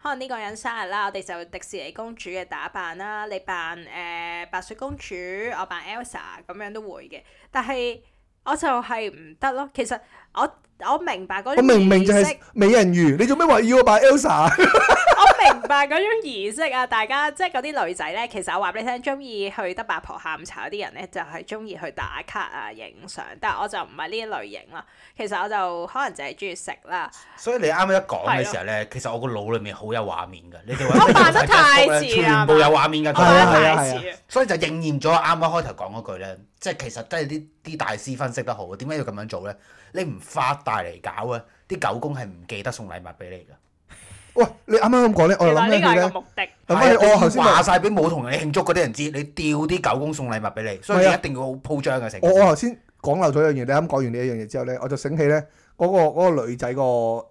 Speaker 2: 可能呢個人生日啦，我哋就迪士尼公主嘅打扮啦，你扮誒、呃、白雪公主，我扮 Elsa 咁樣都會嘅。但係我就係唔得咯。其實我我明白嗰啲，我明明就係
Speaker 1: 美人魚，你做咩話要我扮 Elsa？
Speaker 2: 明白嗰種儀式啊！大家即係嗰啲女仔咧，其實我話俾你聽，中意去得八婆下午茶嗰啲人咧，就係中意去打卡啊、影相。但係我就唔係呢啲類型啦。其實我就可能淨係中意食啦。
Speaker 3: 所以你啱啱一講嘅時候咧，是的 其實我個腦裡面好有畫面㗎。你哋畫得太遲全部有畫面㗎， 啊、 太遲啊，啊，啊，啊，啊，啊！所以就應驗咗啱啱開頭講嗰句咧，即係其實都係啲啲大師分析得好啊！點解要咁樣做咧？你唔發大嚟搞啊！啲狗公係唔記得送禮物俾你㗎。
Speaker 1: 喂，你啱啱咁講咧，我諗咧，係啊，
Speaker 3: 我頭先話晒俾冇同你慶祝嗰啲人知，你吊啲狗公送禮物俾你，所以你一定要好鋪張嘅成。
Speaker 1: 我我頭先講漏咗一樣嘢，你啱講完呢一樣嘢之後咧，我就醒起咧，嗰個女仔個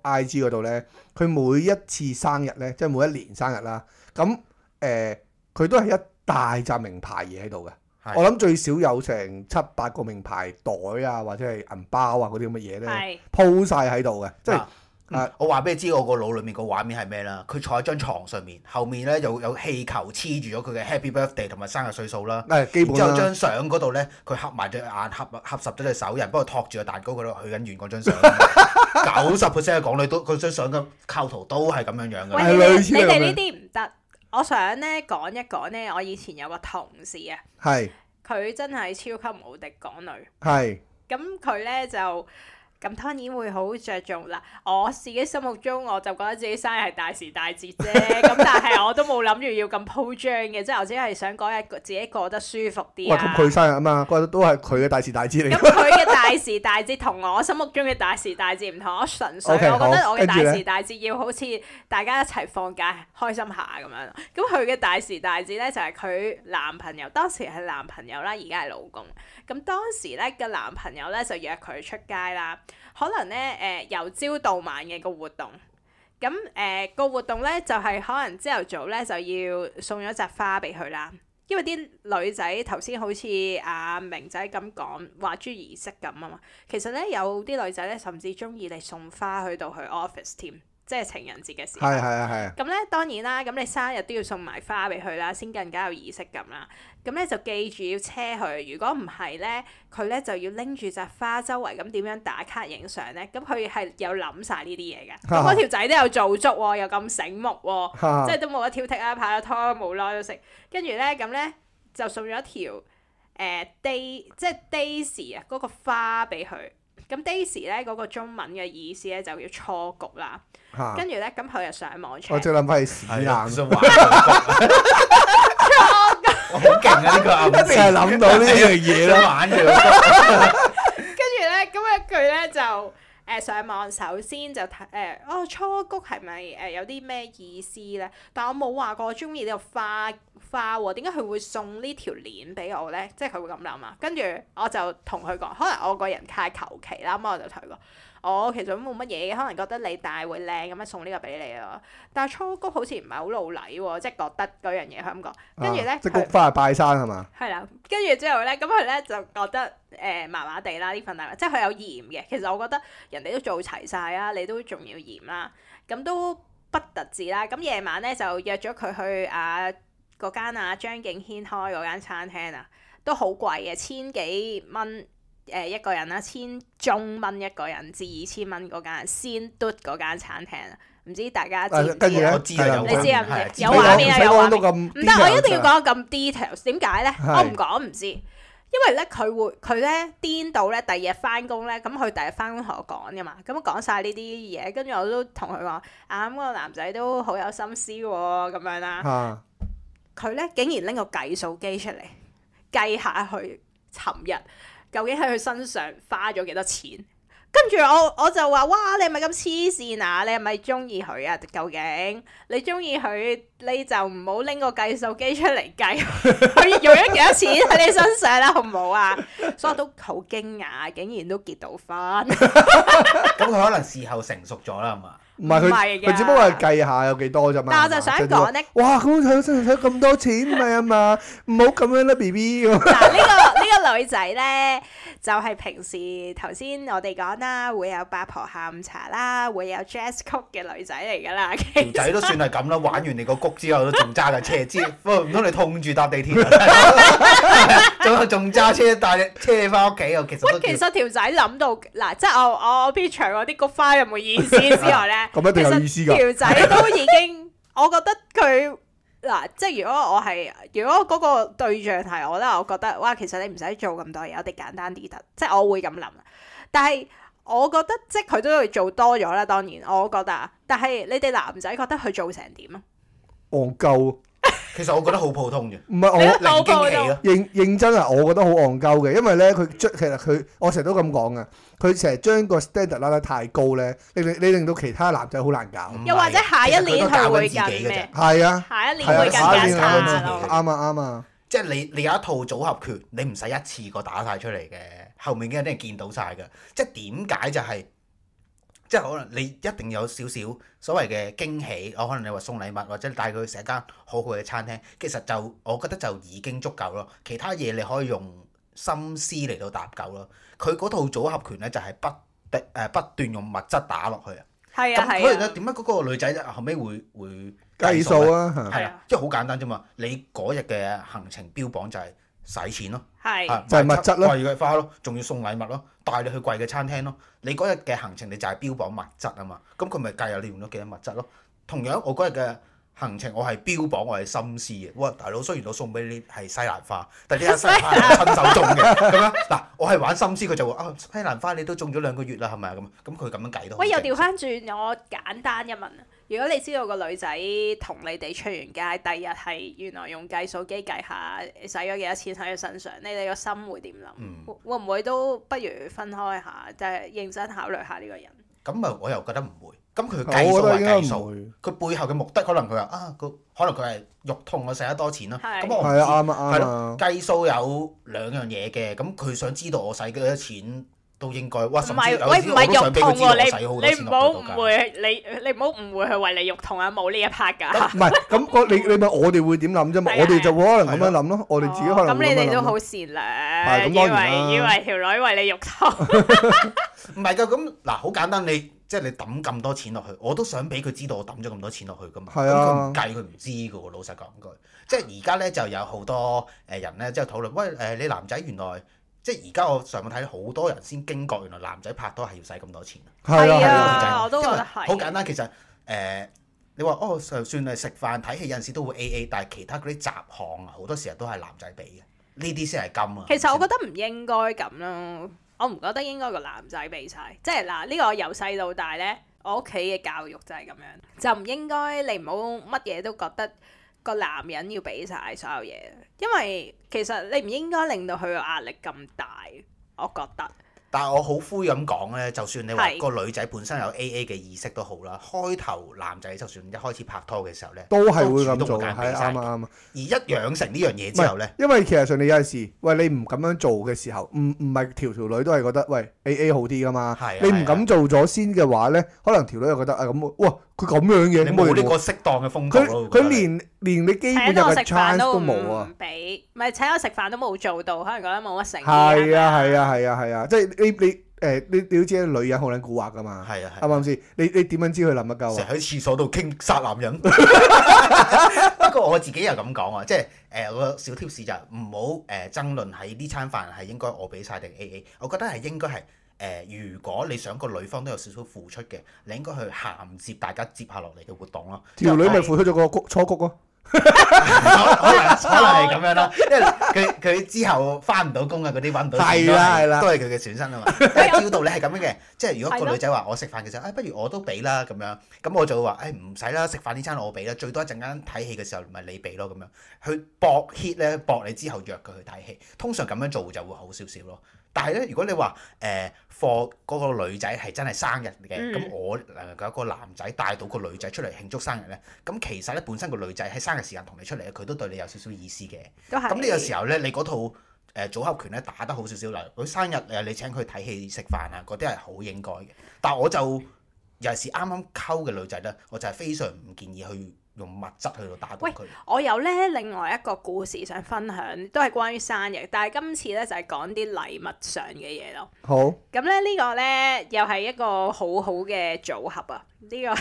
Speaker 1: IG 嗰度咧，佢每一次生日咧，即係每一年生日啦，咁誒，佢都係一大紮名牌嘢喺度嘅。我諗最少有成七八個名牌袋啊，或者係銀包啊嗰啲咁嘅嘢咧，鋪晒喺度嘅，即係。
Speaker 3: 嗯、我話俾你知我個腦裏面個畫面係咩啦？佢坐喺張床上面，後面咧又有氣球黐住咗佢嘅 Happy Birthday 同埋生日歲數啦。基本啦。之後張相嗰度咧，佢合埋對眼，合合十咗對手人不過托住個蛋糕，佢都去緊完嗰張相。九十 percent 嘅港女都佢張相嘅構圖都係咁樣樣嘅，嘅喂的。你哋呢啲
Speaker 2: 唔得。我想咧講一講咧，我以前有個同事啊，係佢的真係超級無敵港女，係咁佢咧就。咁當然會好着重啦！我自己心目中我就覺得自己生日係大時大節啫，咁 但係我都冇諗住要咁鋪張嘅，即係我只係想嗰日自己過得舒服啲。同佢生日
Speaker 1: 啊嘛，覺得都係佢嘅大時大節嚟。咁
Speaker 2: 佢嘅大時大節同我心目中嘅大時大節唔同，我純粹 okay，我覺得我嘅大時大節要好似大家一齊放假，放假開心下咁樣。咁佢嘅大時大節咧就係佢男朋友當時係男朋友啦，而家係老公。咁當時咧個男朋友咧就約佢出街啦。可能咧，誒、呃、由朝到晚嘅個活動，咁誒個活動咧就係、是、可能朝頭早咧就要送咗紮花俾佢啦，因為啲女仔頭先好似阿、啊、明仔咁講話專儀式咁啊嘛，其實咧有啲女仔咧甚至中意嚟送花去到去 office 添。即係情人節嘅時候，係係啊係咁咧當然啦，咁你生日都要送埋花俾佢啦，先更加有儀式感啦。咁咧就記住要車佢，如果唔係咧，佢咧就要拎住隻花周圍咁點樣打卡影相咧。咁佢係有諗晒呢啲嘢嘅。咁嗰條仔都有做足喎、啊，又咁醒目喎、啊，啊、即係都冇得挑剔啦、啊，拍咗拖冇耐都食。跟住咧咁咧就送咗一條誒、呃、Day 即係 Daisy 啊嗰個花俾佢。咁 Daisy 咧嗰個中文嘅意思咧就叫雛菊啦，跟住咧咁佢就上網 check，我正諗
Speaker 1: 係屎眼想
Speaker 2: 玩。雛菊好勁啊！呢個牛，真
Speaker 1: 係諗到呢樣嘢咯，玩
Speaker 3: 住。
Speaker 2: 跟住咧，咁啊佢咧就誒上網，首先就睇誒哦，雛菊係咪誒有啲咩意思咧？但我冇話過中意呢個花。花喎，點解佢會送呢條鏈俾我咧？即係佢會咁諗啊。跟住我就同佢講，可能我個人太求其啦，咁我就同佢講，我、哦、其實都冇乜嘢嘅，可能覺得你戴會靚咁啊，送呢個俾你咯。但係粗菊好似唔係好露禮喎，即係覺得嗰樣嘢咁講。跟住咧，即菊花
Speaker 1: 係拜山係嘛？
Speaker 2: 係啦，跟住之後咧，咁佢咧就覺得誒麻麻地啦，呢份禮物即係佢有鹽嘅。其實我覺得人哋都做齊晒啦，你都仲要鹽啦，咁都不特止啦。咁夜晚咧就約咗佢去啊。嗰間啊，張敬軒開嗰間餐廳啊，都好貴嘅，千幾蚊誒一個人啦，千中蚊一個人，至二千蚊嗰間，先 do 嗰間餐廳啊，唔知大家知唔知啊？我知啦，你知啊？有畫面啊？有畫面都咁唔得，我一定要講咁 detail。點解咧？我唔講唔知，因為咧佢會佢咧顛到咧，第二日翻工咧，咁佢第二日翻工同我講嘅嘛，咁講晒呢啲嘢，跟住我都同佢講啊，咁個男仔都好有心思喎，咁樣啦。佢咧竟然拎個計數機出嚟計下佢尋日究竟喺佢身上花咗幾多錢。跟住我我就話：哇！你係咪咁黐線啊？你係咪中意佢啊？究竟你中意佢，你就唔好拎個計數機出嚟計佢用咗幾多錢喺你身上啦，好唔好啊？所以我都好驚訝，竟然都結到婚。
Speaker 1: 咁佢可能事後成熟咗啦嘛。唔係佢，佢只不過係計下有幾多啫嘛。但我就想講咧，哇！咁佢真係使咁多錢，係啊嘛，唔好咁樣啦，B B。嗱，
Speaker 2: 呢個呢個女仔咧，就係平時頭先我哋講啦，會有八婆下午茶啦，會有爵士曲嘅女仔嚟噶啦。條仔都
Speaker 3: 算係咁啦，玩完你個谷之後都仲揸架車，之不過唔通你痛住搭地鐵？仲仲揸車帶你車你翻屋企？我其實，喂，其實
Speaker 2: 條仔諗到嗱，即係我我除咗啲菊花有冇意思之外咧？咁一定條仔都已經我 我我，我覺得佢，嗱，即係如果我係，如果嗰個對象係我咧，我覺得哇，其實你唔使做咁多嘢，我哋簡單啲得，即係我會咁諗。但係我覺得，即係佢都會做多咗啦。當然，我覺得，但係你哋男仔覺得佢做成點啊？
Speaker 1: 戇鳩、嗯。
Speaker 3: 其實我覺得好普通嘅，唔係是我零驚奇咯，
Speaker 1: 認認真啊，我覺得好戇鳩嘅，因為咧佢將其實佢我成日都咁講嘅，佢成日將個 standard 拉得太高咧，你你令，令到其他男仔好難搞，又或者下一年係會更咩？係啊，下一年會更加差，啱啊啱啊，
Speaker 3: 即係、啊啊、你你有一套組合拳，你唔使一次過打晒出嚟嘅，後面已經有啲人見到晒噶，即係點解就係、是？即係可能你一定有少少所謂嘅驚喜，我可能你話送禮物或者帶佢去食間好好嘅餐廳，其實就我覺得就已經足夠咯。其他嘢你可以用心思嚟到搭救咯。佢嗰套組合拳咧就係不誒不斷用物質打落去啊。
Speaker 2: 係啊，咁所以咧
Speaker 3: 點解嗰個女仔咧後尾會會計數啊？係啊，啊即係好簡單啫嘛。你嗰日嘅行程標榜就係使錢咯，
Speaker 2: 係、啊、就係物
Speaker 3: 質咯，花咯，仲要送禮物咯。帶你去貴嘅餐廳咯，你嗰日嘅行程你就係標榜物質啊嘛，咁佢咪計下你用咗幾多物質咯？同樣我嗰日嘅行程我係標榜我係心思嘅，喂，大佬雖然我送俾你係西蘭花，但呢一西蘭花係我親手種嘅，咁蘭 樣嗱我係玩心思，佢就話啊、哦、西蘭花你都種咗兩個月啦，係咪啊
Speaker 2: 咁？咁佢咁樣計到。喂，又調翻轉我簡單一問啊！如果你知道個女仔同你哋出完街，第日係原來用計數機計下，使咗幾多錢喺佢身上，你哋個心會點諗？會唔會都不如分開下，即係認真考慮下呢個人？
Speaker 3: 咁啊、嗯，我又覺得唔會。咁佢計數為計數，佢背後嘅目的可能佢話啊，可能佢係肉痛我使得多錢咯。咁對我唔知，係啊，啱啊，啱啊。計數有兩樣嘢嘅，咁佢想知道我使幾多錢。應該，喂，唔係肉痛喎，你你唔好誤會，
Speaker 2: 你你唔好誤會去為你肉痛啊，冇呢一 part 㗎。
Speaker 1: 唔 係，咁我你你問我哋會點諗啫嘛？我哋 就可能咁樣諗咯，的我哋自己可能咁、哦、你哋都好
Speaker 2: 善良，以為以為，為條女為你肉痛，唔係㗎。咁
Speaker 3: 嗱，好簡單，你即係你抌咁多錢落去，我都想俾佢知道我抌咗咁多錢落去㗎嘛。係啊的，佢唔計，佢唔知㗎喎。老實講句，即係而家咧就有好多誒人咧，即係討論，喂誒，你男仔原來。即係而家我上網睇，好多人先驚覺原來男仔拍拖係要使咁多錢。係啊，我都覺得係。好簡單，其實誒、呃，你話哦，就算係食飯睇戲有陣時都會 A A，但係其他嗰啲雜項啊，好多時候都係男仔俾嘅。呢啲先係金啊。其
Speaker 2: 實我覺得唔應該咁咯，我唔覺得應該個男仔俾晒。即係嗱，呢個我由細到大咧，我屋企嘅教育就係咁樣，就唔應該你唔好乜嘢都覺得。個男人要俾晒所有嘢，因為其實你唔應該令到佢嘅壓力咁大，我覺得。
Speaker 3: 但係我好灰咁講呢，就算你話個女仔本身有 A A 嘅意識都好啦。開頭男仔就算一開始拍拖嘅時候呢，都係會咁做，係啊嘛。而一養成呢樣嘢之後呢，
Speaker 1: 因為其實上你有陣時，喂你唔咁樣做嘅時候，唔唔係條條女都係覺得喂 A A 好啲噶嘛。啊、你唔咁做咗先嘅話呢，可能條女又覺得啊咁佢咁樣嘅你冇呢個
Speaker 3: 適當嘅風
Speaker 1: 格咯。佢佢連連你基本嘅食飯都冇啊！俾，
Speaker 2: 唔係請我食飯都冇做到，可能覺得冇乜成。係
Speaker 1: 啊係啊係啊係啊！即係你你誒你你都知女人好撚
Speaker 3: 蠱惑噶嘛？係啊係，啱唔啱先？你你點樣知佢諗乜鳩啊？成日喺廁所度傾殺男人。不過我自己又咁講啊，即係誒我個小 tips 就唔好誒爭論喺呢餐飯係應該我俾曬定 A A，我覺得係應該係。誒、呃，如果你想個女方都有少少付出嘅，你應該去銜接大家接下落嚟嘅活動咯。
Speaker 1: 條女咪是付出咗個初谷咯，可能
Speaker 3: 可能係咁樣咯。因為佢佢之後翻唔到工啊，嗰啲揾唔到。係啦係啦，都係佢嘅損失啊嘛。照道理係咁嘅，即係如果個女仔話我食飯嘅時候，誒的、哎、不如我都俾啦咁樣，咁我就話誒唔使啦，食、哎、飯呢餐我俾啦，最多一陣間睇戲嘅時候咪你俾咯咁樣。去博 heat 咧，博你之後約佢去睇戲，通常咁樣做就會好少少咯。但係咧，如果你話誒 for 嗰個女仔係真係生日嘅，咁、嗯、我誒個個男仔帶到個女仔出嚟慶祝生日咧，咁其實咧本身個女仔喺生日時間同你出嚟咧，佢都對你有少少意思嘅。
Speaker 2: 都係。咁呢個時候
Speaker 3: 咧，你嗰套誒、呃、組合拳咧打得好少少喇，佢、呃、生日誒你請佢睇戲食飯啊，嗰啲係好應該嘅。但係我就尤其是啱啱溝嘅女仔咧，我就係非常唔建議去。用物質去到打動佢。
Speaker 2: 我有咧另外一個故事想分享，都係關於生日，但係今次咧就係講啲禮物上嘅嘢咯。好。咁咧呢個咧又係一個好好嘅組合啊！呢個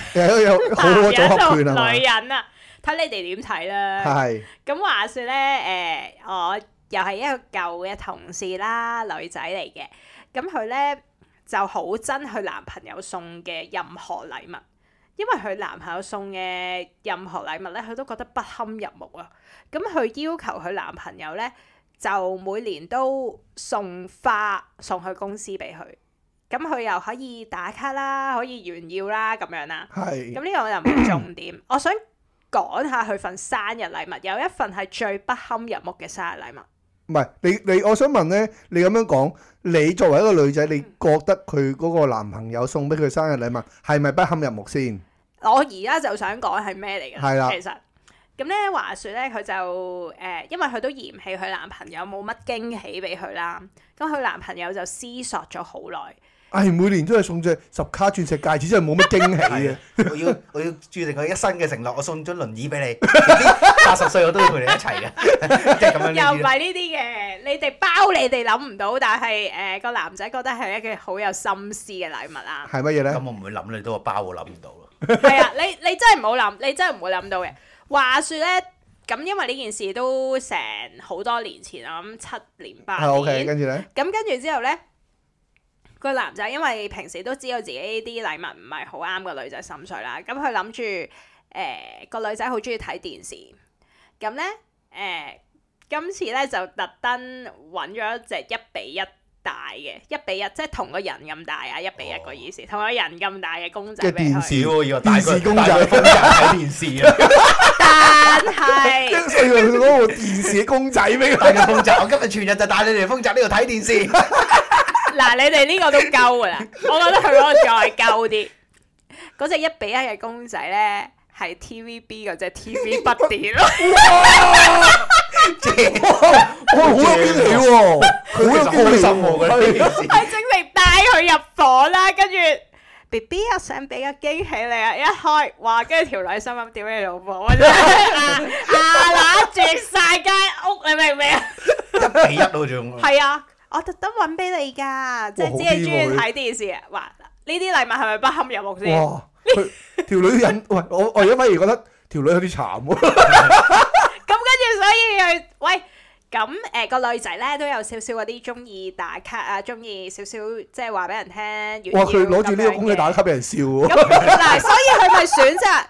Speaker 2: 男人就女人啊，睇你哋點睇啦。係。咁話說咧，誒，我又係一個舊嘅同事啦，女仔嚟嘅。咁佢咧就好憎佢男朋友送嘅任何禮物。因為佢男朋友送嘅任何禮物咧，佢都覺得不堪入目啊！咁佢要求佢男朋友咧，就每年都送花送去公司俾佢，咁佢又可以打卡啦，可以炫耀啦咁樣啦。係是。咁呢個又唔係重點， 我想講下佢份生日禮物，有一份係最不堪入目嘅生日禮物。
Speaker 1: 唔係，你你我想問咧，你咁樣講，你作為一個女仔，嗯、你覺得佢嗰個男朋友送俾佢生日禮物係咪不，不堪入目先？
Speaker 2: 我而家就想講係咩嚟嘅？係啦，其實咁咧，話説咧，佢就誒，因為佢都嫌棄佢男朋友冇乜驚喜俾佢啦，咁佢男朋友就思索咗好耐。
Speaker 1: 係每年都係送隻十卡鑽石戒指，真係冇乜驚喜嘅。我
Speaker 3: 要我要注定佢一生嘅承諾，我送張輪椅俾你，八十歲我都要陪你一齊
Speaker 2: 嘅。又唔係呢啲嘅，你哋包你哋諗唔到，但係誒個男仔覺得係一個好有心思嘅禮物啊。係
Speaker 3: 乜嘢咧？咁我唔會諗你都話包我諗唔到。
Speaker 2: 係啊，你你真係唔好諗，你真係唔會諗到嘅。話說咧，咁因為呢件事都成好多年前啦，咁七年八。係 OK，跟住咧。咁跟住之後咧。個男仔因為平時都知道自己啲禮物唔係好啱個女仔心水啦，咁佢諗住誒個女仔好中意睇電視，咁咧誒今次咧就特登揾咗隻一比一大嘅一比一，即係同個人咁大啊，一比一個意思，同個人咁大嘅公仔。電視喎，而家帶個電視公仔睇電視啊！但係，即係
Speaker 3: 佢攞個電視公仔咩？帶個豐澤，我今日全日就帶你嚟豐澤呢度睇電視。
Speaker 2: 嗱，你哋呢個都溝噶啦，我覺得佢嗰個再溝啲。嗰隻一比一嘅公仔咧，係 TVB 嗰隻 TV 不點。哇！我好有驚喜
Speaker 1: 喎，好有驚喜十號嗰啲。係
Speaker 2: 正直帶佢入房啦，跟住 B B 又想俾個驚喜你，一開哇，跟住條女心諗點樣入房啊？啊啦，借晒間屋，你明唔明啊？
Speaker 3: 一比一都仲
Speaker 2: 係啊！我特登揾俾你噶，即係只係中意睇電視啊！話呢啲禮物係咪不堪入目先？哇！是不是不哇
Speaker 1: 條女引喂，我我而家反而覺得條女有啲慘喎。
Speaker 2: 咁跟住所以，喂咁誒、嗯個女仔咧都有少少嗰啲中意打卡啊，中意少少即係話俾人聽。哇！佢攞住呢個工
Speaker 1: 具打卡俾人笑喎。嗱、 嗯嗯，
Speaker 2: 所以佢咪選擇。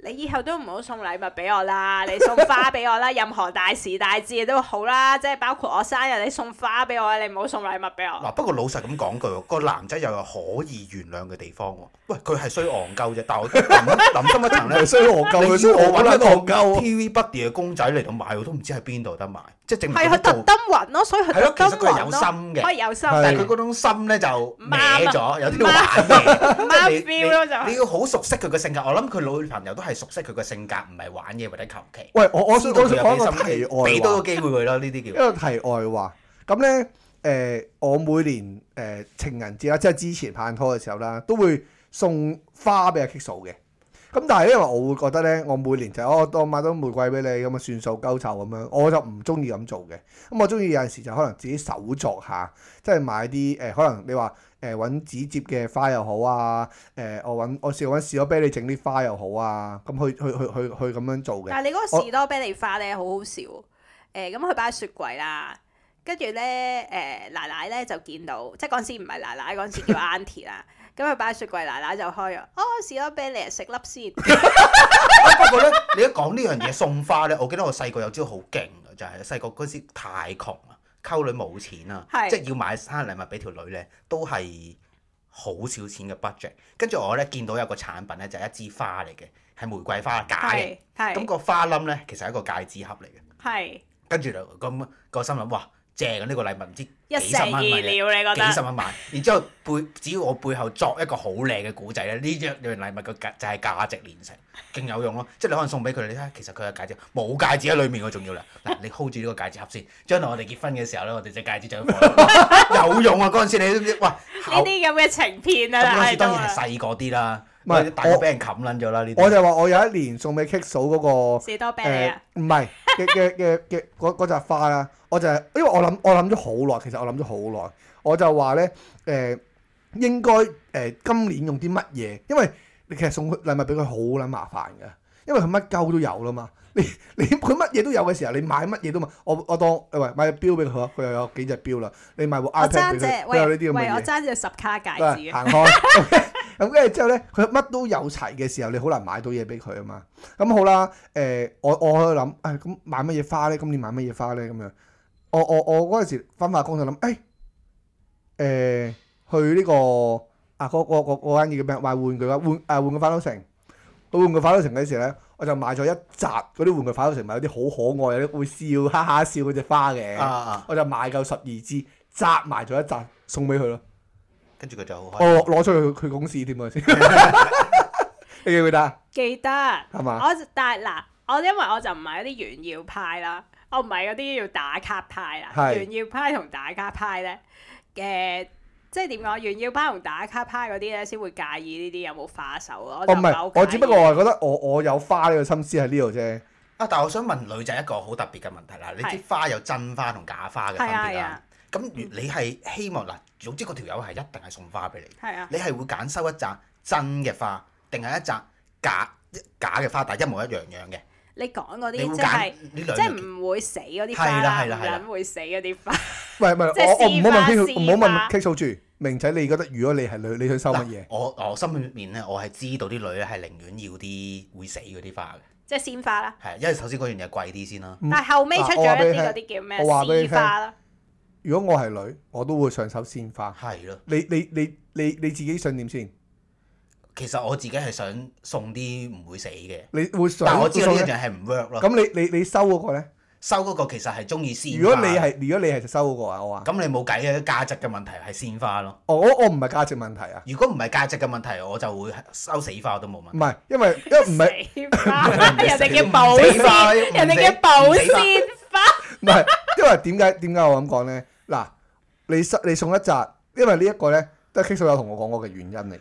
Speaker 2: 你以後都唔好送禮物俾我啦，你送花俾我啦，任何大時大節都好啦，即係包括我生日，你送花俾我，你唔好送禮物俾我。
Speaker 3: 嗱，不過老實咁講句喎，個男仔又有可以原諒嘅地方喎。喂，佢係衰憨鳩啫，但我諗一諗，諗深一層咧，衰憨鳩。你要我揾一個憨鳩 TVB 嘅公仔嚟到買，我都唔知喺邊度得買，即係淨係喺度。係佢特
Speaker 2: 登揾咯，所
Speaker 3: 以佢係。係咯，其實佢係有心嘅，可以有心，但係佢嗰種心咧就歪咗，有啲玩味。瞄標咯就。你要好熟悉佢個性格，我諗佢老朋友都係。係熟悉佢個性格，唔係玩嘢或者求其。喂，我我想講個題外話，俾多個機會佢咯，呢啲叫。因為題
Speaker 1: 外話，咁咧誒，我每年誒、呃、情人節啦，即係之前拍緊拖嘅時候啦，都會送花俾阿 Kiko 嘅。咁但係因為我會覺得咧，我每年就我、哦、我買多玫瑰俾你咁啊，算數夠酬咁樣，我就唔中意咁做嘅。咁、嗯、我中意有陣時就可能自己手作下，即係買啲誒、呃，可能你話。誒揾紙折嘅花又好啊！誒、欸、我揾我試揾士多啤梨整啲花又好啊！咁去去去去去咁樣做嘅。但係你嗰個士多
Speaker 2: 啤梨花咧，我 好好笑！誒咁佢擺喺雪櫃啦，跟住咧誒奶奶咧就見到，即係嗰陣時唔係奶奶嗰陣時叫 auntie 啦。咁佢擺喺雪櫃，奶奶就開咗，哦，士多啤梨食粒先。 不過咧，你一
Speaker 3: 講呢樣嘢送花咧，我記得我細個有招好勁嘅，就係細個嗰時太窮啦。溝女冇錢啊，是即係要買生日禮物俾條女呢，都係好少錢嘅 budget。跟住我呢，見到有個產品呢，就係一支花嚟嘅，係玫瑰花，假嘅。咁個花冧呢，其實係一個戒指盒嚟嘅。跟住就咁個心諗，哇！正呢個禮物唔知幾十萬蚊，你幾十蚊買。然之後背只要我背後作一個好靚嘅古仔咧，呢樣樣禮物嘅價就係、是、價值連城，勁有用咯、啊。即係你可能送俾佢，你睇下，其實佢嘅戒指冇戒指喺裏面，我、啊、重要啦。嗱，你 hold 住呢個戒指盒先，將來我哋結婚嘅時候咧，我哋隻戒指就用。 有用啊！嗰陣時你知唔知？喂，呢
Speaker 2: 啲咁嘅情片啊，嗱，
Speaker 3: 當然係細個啲啦。 唔係，我俾人冚撚咗啦！呢，啲我就
Speaker 1: 話我有一年送俾 Kick 嫂嗰、嗰個士多啤唔係嘅嘅嘅嘅嗰嗰扎花啦。我就係因為我諗我諗咗好耐，其實我諗咗好耐，我就話咧誒應該誒、呃、今年用啲乜嘢？因為你其實送禮物俾佢好撚麻煩嘅，因為佢乜鳩都有啦嘛。你佢乜嘢都有嘅時候，你買乜嘢都買。我我當誒唔係買隻錶俾佢，佢又有幾隻錶啦。你買部 iPad 俾佢，喂有呢啲咁嘅嘢我爭隻十卡戒
Speaker 2: 指行開。
Speaker 1: 咁跟住之後咧，佢乜都有齊嘅時候，你好難買到嘢俾佢啊嘛。咁好啦，誒、呃，我我喺度諗，誒、哎，咁買乜嘢花咧？今年買乜嘢花咧？咁樣，我我我嗰陣時翻化工就諗，誒、哎、誒、呃，去呢、這個啊，嗰個個間嘢叫咩？買玩具玩啊，換誒，換個反斗城。我玩具反斗城嗰時咧，我就買咗一扎嗰啲玩具反斗城，買有啲好可愛、有啲會笑，笑，笑的的、哈哈笑嗰隻花嘅，我就買夠十二支，紮紮紮埋咗一扎送俾佢咯。跟住佢就好開心。我攞出去佢公司添啊！ 你記唔得
Speaker 2: 記得係嘛吧？我但係嗱，我因為我就唔係嗰啲炫耀派啦，我唔係嗰啲要打卡派啦。炫是耀派同打卡派咧嘅。即係點講，炫耀包同打卡派嗰啲咧，先會介意呢啲有冇花手啊？哦、我唔係，我，我只不過
Speaker 1: 我係覺得我我有花呢個心思喺呢度啫。
Speaker 3: 啊，但係我想問女仔一個好特別嘅問題啦，是你知花有真花同假花嘅分別啊？咁、啊、你係希望嗱，總之嗰條友係一定係送花俾你，係啊？你係會揀收一紮真嘅花，定係一紮假假嘅花，但係一模一樣樣嘅？
Speaker 2: 你講嗰啲即係，即係唔會死嗰啲花，會死嗰啲花。
Speaker 3: 唔係
Speaker 1: 唔
Speaker 2: 係，我我唔好問 Kiko，唔好問 Kiko
Speaker 1: 住明仔，你覺得如果你係女，你想收乜嘢？我
Speaker 3: 我心裏面咧，我係知道啲女咧係寧願要啲會死嗰啲花嘅，即
Speaker 2: 係鮮花啦。係，
Speaker 3: 因為首先嗰樣嘢貴啲先啦。但係後尾出咗一啲嗰啲叫咩我話俾你聽，鮮
Speaker 2: 花
Speaker 1: 啦。如果我係女，我都會上手鮮花。係咯，你你你你你自己想點先？
Speaker 3: 其實我自己係想送啲唔會死嘅，你會。但我知道呢樣係唔 work 咯。咁你你你收嗰個咧？收嗰個其實係中意鮮花。如果你係如果你係收嗰個啊，我話咁你冇計嘅價值嘅問題係鮮花咯。我我唔係價值問題啊。如果唔係價值嘅問題，我就會收死花我都冇問題。唔係因為因為
Speaker 2: 唔係人哋嘅保鮮人哋嘅保鮮花。
Speaker 1: 唔係因為點解點解我咁講咧？嗱，你你送一紮，因為呢一個咧都係傾數有同我講過嘅原因嚟嘅。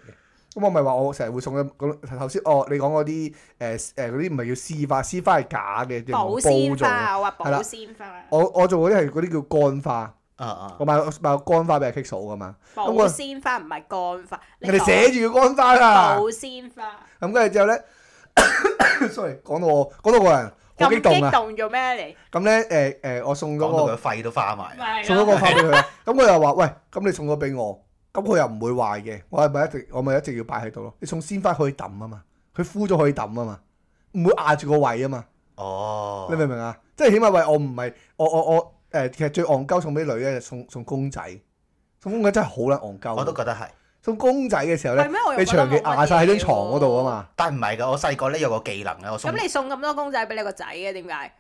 Speaker 1: 咁我咪話我成日會送嘅，頭先哦，你講嗰啲誒誒嗰啲唔係叫絲花，絲花係假嘅，保鮮花我話保鮮花。了
Speaker 2: 我
Speaker 1: 我做嗰啲係嗰啲叫乾花、啊啊，我買買個乾花俾阿 Kiko 噶嘛。保鮮花唔
Speaker 2: 係乾花，你人寫住叫乾花啦、啊。保鮮花。
Speaker 1: 咁跟住之後咧 ，sorry 講到我講到個人好激動啊！
Speaker 2: 做咩嚟？
Speaker 1: 咁咧誒誒，呃呃呃呃、送我送咗個肺都花埋， 送咗個花俾佢，咁佢又話：喂，咁你送咗俾我。咁佢又唔會壞嘅，我係咪一直我咪一直要擺喺度咯？你送鮮花可以抌啊嘛，佢敷咗可以抌啊嘛，唔會壓住個胃啊嘛。
Speaker 3: 哦，你明唔
Speaker 1: 明啊？即係起碼喂，我唔係我我我誒、呃，其實最戇鳩送俾女咧，送送公仔，送公仔真係好啦，戇鳩。我都覺得係送公仔嘅時候咧，
Speaker 2: 你長期壓晒喺張
Speaker 3: 床嗰度啊嘛。但係唔係噶，我細個咧有個技能咧，我送。咁你
Speaker 2: 送咁多公仔俾你個仔嘅點解？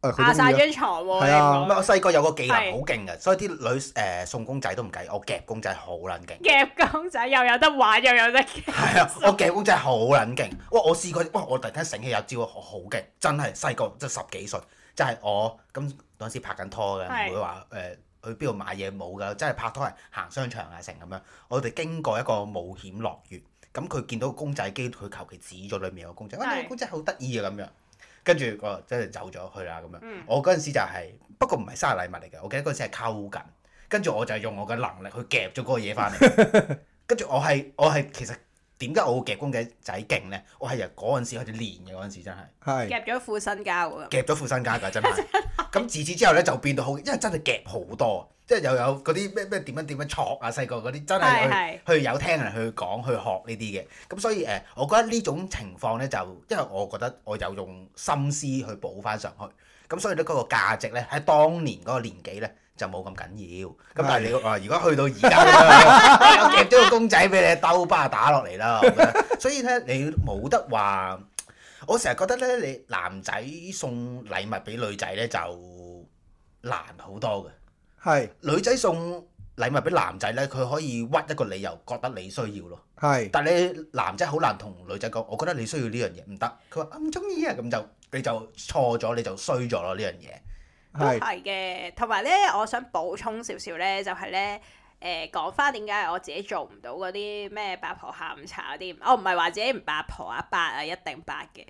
Speaker 3: 下晒張床喎、啊、唔、啊、我細個有個技能好勁嘅，是所以啲女誒、呃、送公仔都唔計，我夾公仔好撚勁。
Speaker 2: 夾公仔又有得玩又有得夾，啊！我夾
Speaker 3: 公仔好撚勁。哇！我試過哇！我突然間醒起有招好勁，真係細個即係十幾歲，就係、是、我咁嗰陣時拍緊拖嘅，唔會話誒去邊度買嘢冇㗎，即係拍拖係是、呃、行商場啊成咁樣。我哋經過一個冒險樂園，咁佢見到個公仔機，佢求其指咗裏面有個公仔，是哇！個公仔好得意啊咁樣。跟住我真係走咗去啦咁樣，嗯、我嗰陣時就係、是、不過唔係生日禮物嚟嘅，我記得嗰陣時係溝緊，跟住我就用我嘅能力去夾咗嗰個嘢翻嚟， 跟住我係我係其實點解我會夾公仔仔勁咧？我係由嗰陣時開始練嘅，嗰陣時真係係
Speaker 2: 是
Speaker 3: 夾咗副身家㗎， 夾咗副身家㗎真係，咁 自此之後咧就變到好，因為真係夾好多。即係又有嗰啲咩咩點樣點樣錯啊！細個嗰啲真係去的去，去有聽人去講去學呢啲嘅，咁所以誒、呃，我覺得呢種情況咧就，因為我覺得我有用心思去補翻上去，咁所以咧嗰個價值咧喺當年嗰個年紀咧就冇咁緊要。咁但係你、呃、如果去到而家咧，有 夾咗個公仔俾你，兜巴打落嚟啦！所以咧你冇得話，我成日覺得咧你男仔送禮物俾女仔咧就難好多嘅。係，是女仔送禮物俾男仔呢，佢可以屈一個理由，覺得你需要咯。係是，但你男仔好難同女仔講，我覺得你需要呢樣嘢，唔得。佢話唔中意啊，咁就你就錯咗，你就衰咗咯呢樣嘢。都係
Speaker 2: 嘅，同埋呢，我想補充少少呢，就係呢。誒、呃、講翻點解我自己做唔到嗰啲咩八婆下午茶嗰啲。我唔係話自己唔八婆啊，八啊，一定八嘅，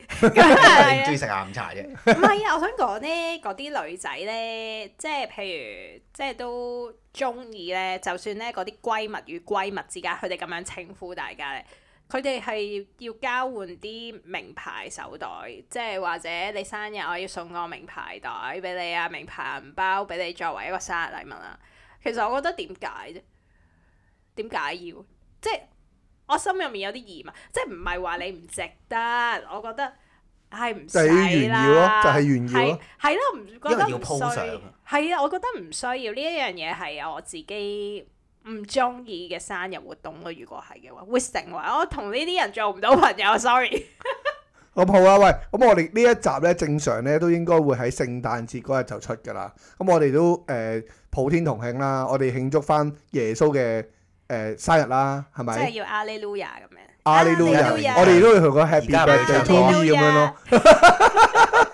Speaker 3: 中意食下午茶啫。
Speaker 2: 唔 係啊，我想講呢，嗰啲女仔呢，即係譬如即係都中意呢。就算呢嗰啲閨蜜與閨蜜之間，佢哋咁樣稱呼大家咧，佢哋係要交換啲名牌手袋，即係或者你生日我要送個名牌袋俾你啊，名牌銀包俾你，俾你作為一個生日禮物啦。其實我覺得點解啫？點解要？即係我心入面有啲疑問，即係唔係話你唔值得？我覺得係唔使啦，就係、是、炫耀咯、啊，係咯，唔覺得唔需要。係啊，我覺得唔需要呢一樣嘢，係我自己唔中意嘅生日活動咯。如果係嘅話，會成為我同呢啲人做唔到朋友。Sorry。
Speaker 1: 咁、嗯、好啊！喂，咁、嗯、我哋呢一集咧，正常咧都應該會喺聖誕節嗰日就出噶啦。咁、嗯、我哋都誒、呃、普天同慶啦，我哋慶祝翻耶穌嘅誒、呃、生日啦，係咪？即係要阿利路亞咁樣。阿利路亞，我哋都要去個 Happy Birthday 咁樣咯。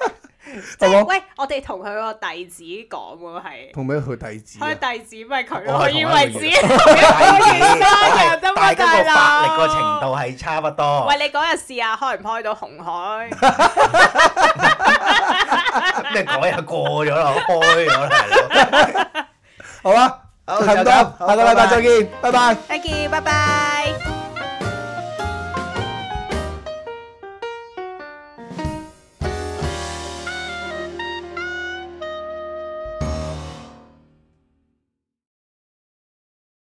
Speaker 2: 即係喂，我哋同佢個弟子講喎，係同咩佢弟子？佢弟子咪佢我以為止，我以為單人得唔係嗰個法力個
Speaker 3: 程度係差不多。喂，
Speaker 2: 你嗰日試下開唔開到紅海？
Speaker 3: 你嗰日過咗啦，開咗啦。好啦，差唔多，下個禮拜，再見，拜拜，
Speaker 2: 再見，拜拜。